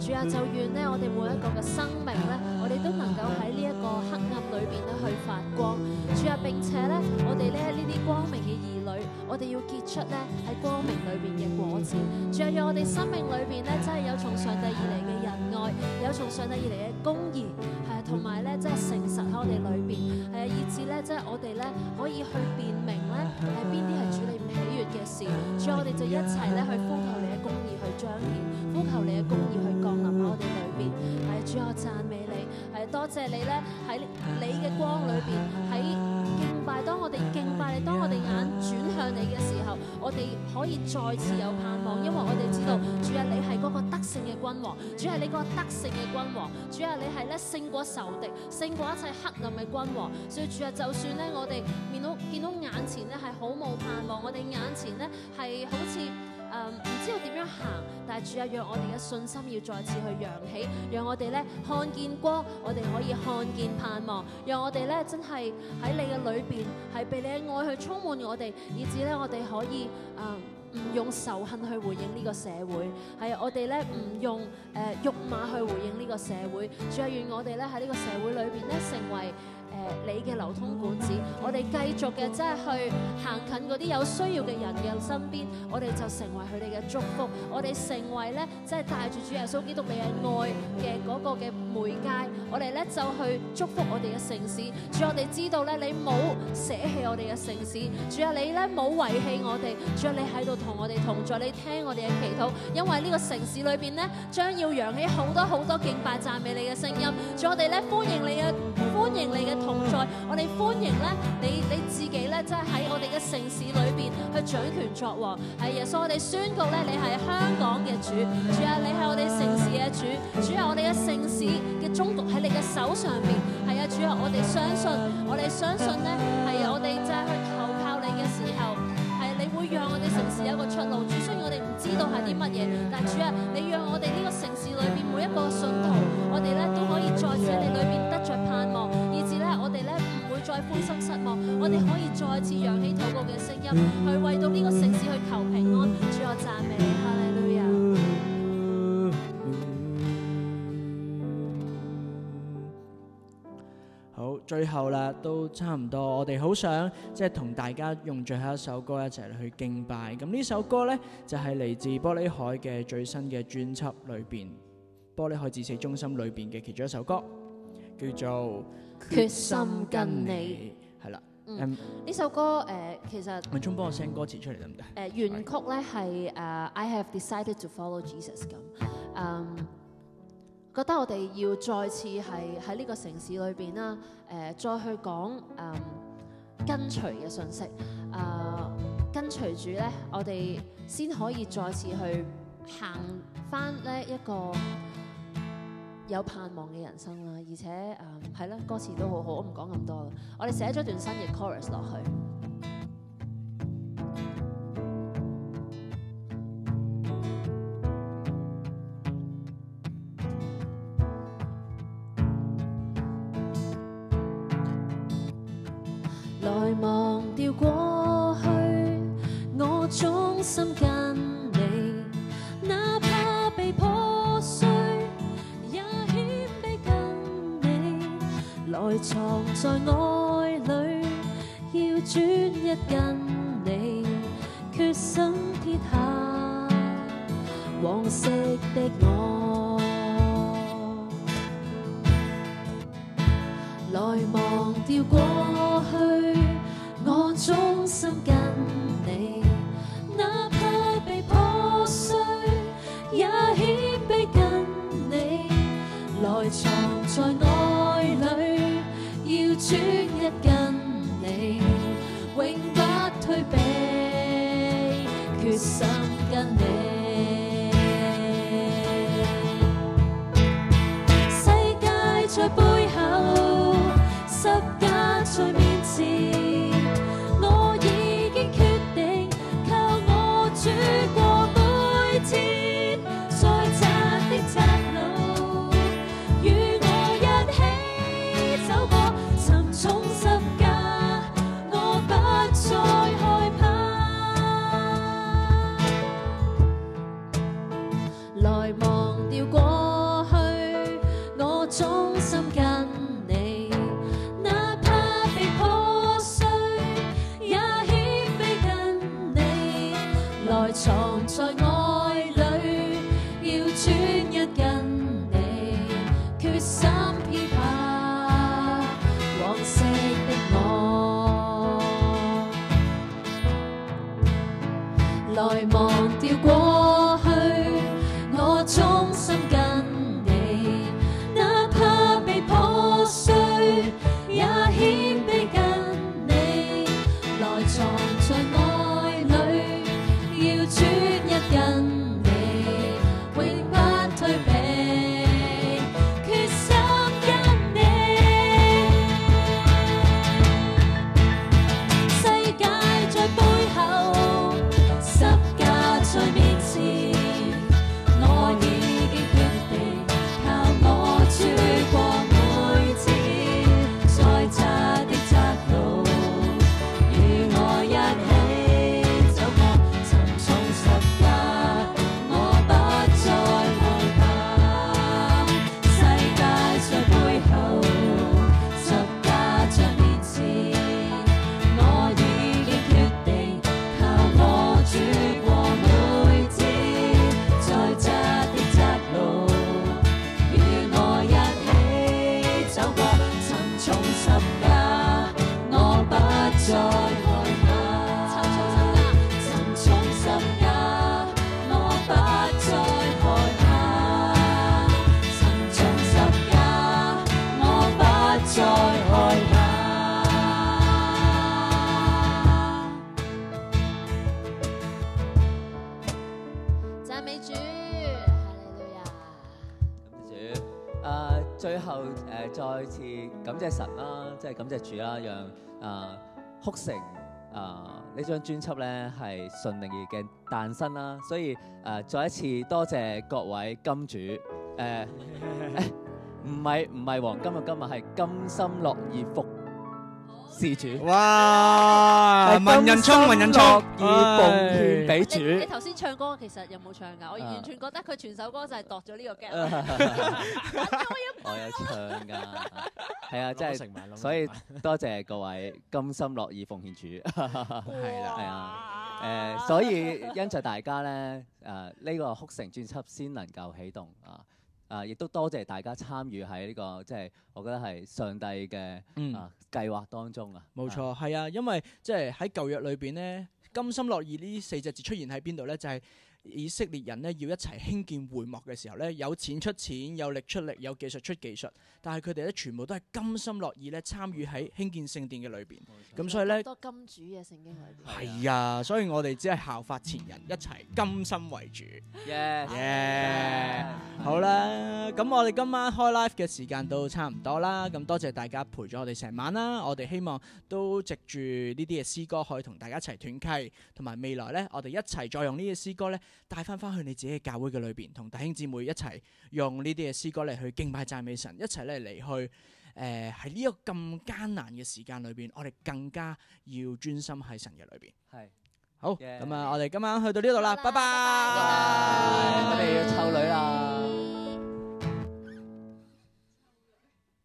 主啊，就願咧，我哋每一個嘅生命咧，我哋都能夠喺呢一個黑暗裏邊咧去發光。主啊，並且咧，我哋呢呢啲光明嘅兒女，我哋要結出咧喺光明裏邊嘅果子。主啊，在我哋生命裏邊咧，真係有從上帝而嚟嘅仁愛，有從上帝而嚟嘅公義。同埋咧，即係誠實喺我哋裏邊，係啊，以致咧，即係我哋咧可以去辨明咧，係邊啲係主你唔喜悅嘅事。所以我哋就一齊咧去呼求你嘅公義去彰顯，呼求你嘅公義去降臨喺我哋裏邊。係啊，主，我讚美你，係啊，多謝你咧喺你嘅光裏邊喺敬拜，當我哋敬拜你，當我哋眼轉向你嘅時候，我哋可以再次有盼望，因為我哋知道主啊，你係嗰個得勝嘅君王，主係你個得勝嘅君王，主啊，你係咧勝過仇敵，勝過一切黑暗嘅君王，所以主啊，就算咧我哋面到見到眼前咧係好冇盼望，我哋眼前咧係好似。誒唔、um, 知道點樣行，但係主啊，讓我哋嘅信心要再次去揚起，讓我哋咧看見光，我哋可以看見盼望，讓我哋咧真係喺你嘅裏邊係被你嘅愛去充滿我哋，以致咧我哋可以誒唔、呃、用仇恨去回應呢個社會，係我哋咧唔用誒、呃、辱罵去回應呢個社會。主啊，願我哋咧喺呢個社會裏邊咧成為。誒，你嘅流通管子，我哋繼續嘅即係去行近嗰啲有需要嘅人嘅身邊，我哋就成為佢哋嘅祝福，我哋成為咧即係帶住主耶穌基督你嘅愛嘅嗰個嘅媒介，我哋咧就去祝福我哋嘅城市，主啊，我哋知道咧你冇捨棄我哋嘅城市，主啊，你咧冇遺棄我哋，主啊，你喺度同我哋同在，你聽我哋嘅祈禱，因為呢個城市裏邊咧將要揚起好多好多敬拜讚美你嘅聲音，主啊，我哋咧歡迎你嘅，歡迎你嘅。同在，我哋歡迎咧，你你自己咧，即係喺我哋嘅城市裏邊去掌權作王。係耶穌，我哋宣告咧，你係香港嘅主，主啊，你係我哋城市嘅主，主啊，我哋嘅城市嘅中國喺你嘅手上邊。係啊，主啊，我哋相信，我哋相信咧，係我哋就係去投靠你嘅時候，係你會讓我哋城市有一個出路。主啊，雖然我哋唔知道係啲乜嘢，但主啊，你讓我哋呢個城市裏邊每一個信徒，我哋咧都可以在，在你裏邊得着盼望。我哋咧唔會再灰心失望，我哋可以再次揚起禱告嘅聲音樂，去為到呢個城市去求平安。主， 我讚美你，Lord。好，最後啦，都差唔多，我哋好想即係同大家用最後一首歌一齊去敬拜。咁呢首歌呢，就係嚟自玻璃海嘅最新嘅專輯裏邊，玻璃海自死中心裏邊嘅其中一首歌。叫做決心跟你係啦，了嗯呢、um, 首歌誒、呃、其實文忠、嗯、幫我寫歌詞出嚟得唔得？誒、呃、原曲咧係誒 I have decided to follow Jesus 咁，嗯、um, 覺得我哋要再次係喺呢個城市裏邊啦，誒、uh, 再去講嗯、uh, 跟隨嘅信息，啊、uh, 跟隨住咧我哋先可以再次去行翻呢一個。有盼望嘅人生啦，而且誒係啦，歌詞都好好，我唔講咁多啦，我哋寫咗段新嘅 chorus 落去。感謝神啦，即係感謝主啦，讓啊、呃《哭成》啊、呃、呢張專輯咧係順利嘅誕生啦，所以誒、呃、再一次多謝各位金主誒唔係唔係黃金嘅金，係甘心樂而復。事主哇！萬人聰，萬人聰，人以奉獻俾主。哎、你頭先唱歌其實有冇唱㗎？我完全覺得佢全首歌就係度咗呢個 gem。 我有唱㗎，係 啊，真係，所以 Isaac, 多謝各位甘心樂意奉獻主，係 啦， 係啊， 誒、哎，所以因着大家咧誒呢個哭成專輯先能夠起動啊！啊、嗯，亦都多謝大家參與喺、這、呢個，即、就、係、是、我覺得係上帝嘅、嗯、啊。計劃當中啊，冇錯，係啊、嗯，因為即係喺舊約裏邊咧，甘心樂意呢四隻字出現喺邊度咧，就係、是。以色列人咧要一齊興建會幕嘅時候咧，有錢出錢，有力出力，有技術出技術。但係佢哋咧全部都係甘心樂意咧參與喺興建聖殿嘅裏邊。咁、嗯、所以呢，多，多金主嘅聖經裏邊係啊，所以我哋只係效法前人，一齊甘心為主。y、yes, yeah, yeah, yeah, yeah, yeah, yeah, yeah, 好啦，咁、yeah. 我哋今晚開 live 嘅時間都差唔多啦。咁多謝大家陪咗我哋成晚啦。我哋希望都藉住呢啲嘅詩歌可以同大家一齊斷契，同埋未來呢，我哋一齊再用呢啲詩歌咧。帶翻翻去你自己嘅教會嘅裏邊，同弟兄姊妹一齊用呢啲嘅詩歌嚟去敬拜讚美神，一齊咧嚟去，誒喺呢個咁艱難嘅時間裏邊，我哋更加要專心喺神嘅裏邊。係是好，咁啊，我哋今晚去到呢度啦，拜拜 Yeah. bye，我哋要湊女啦。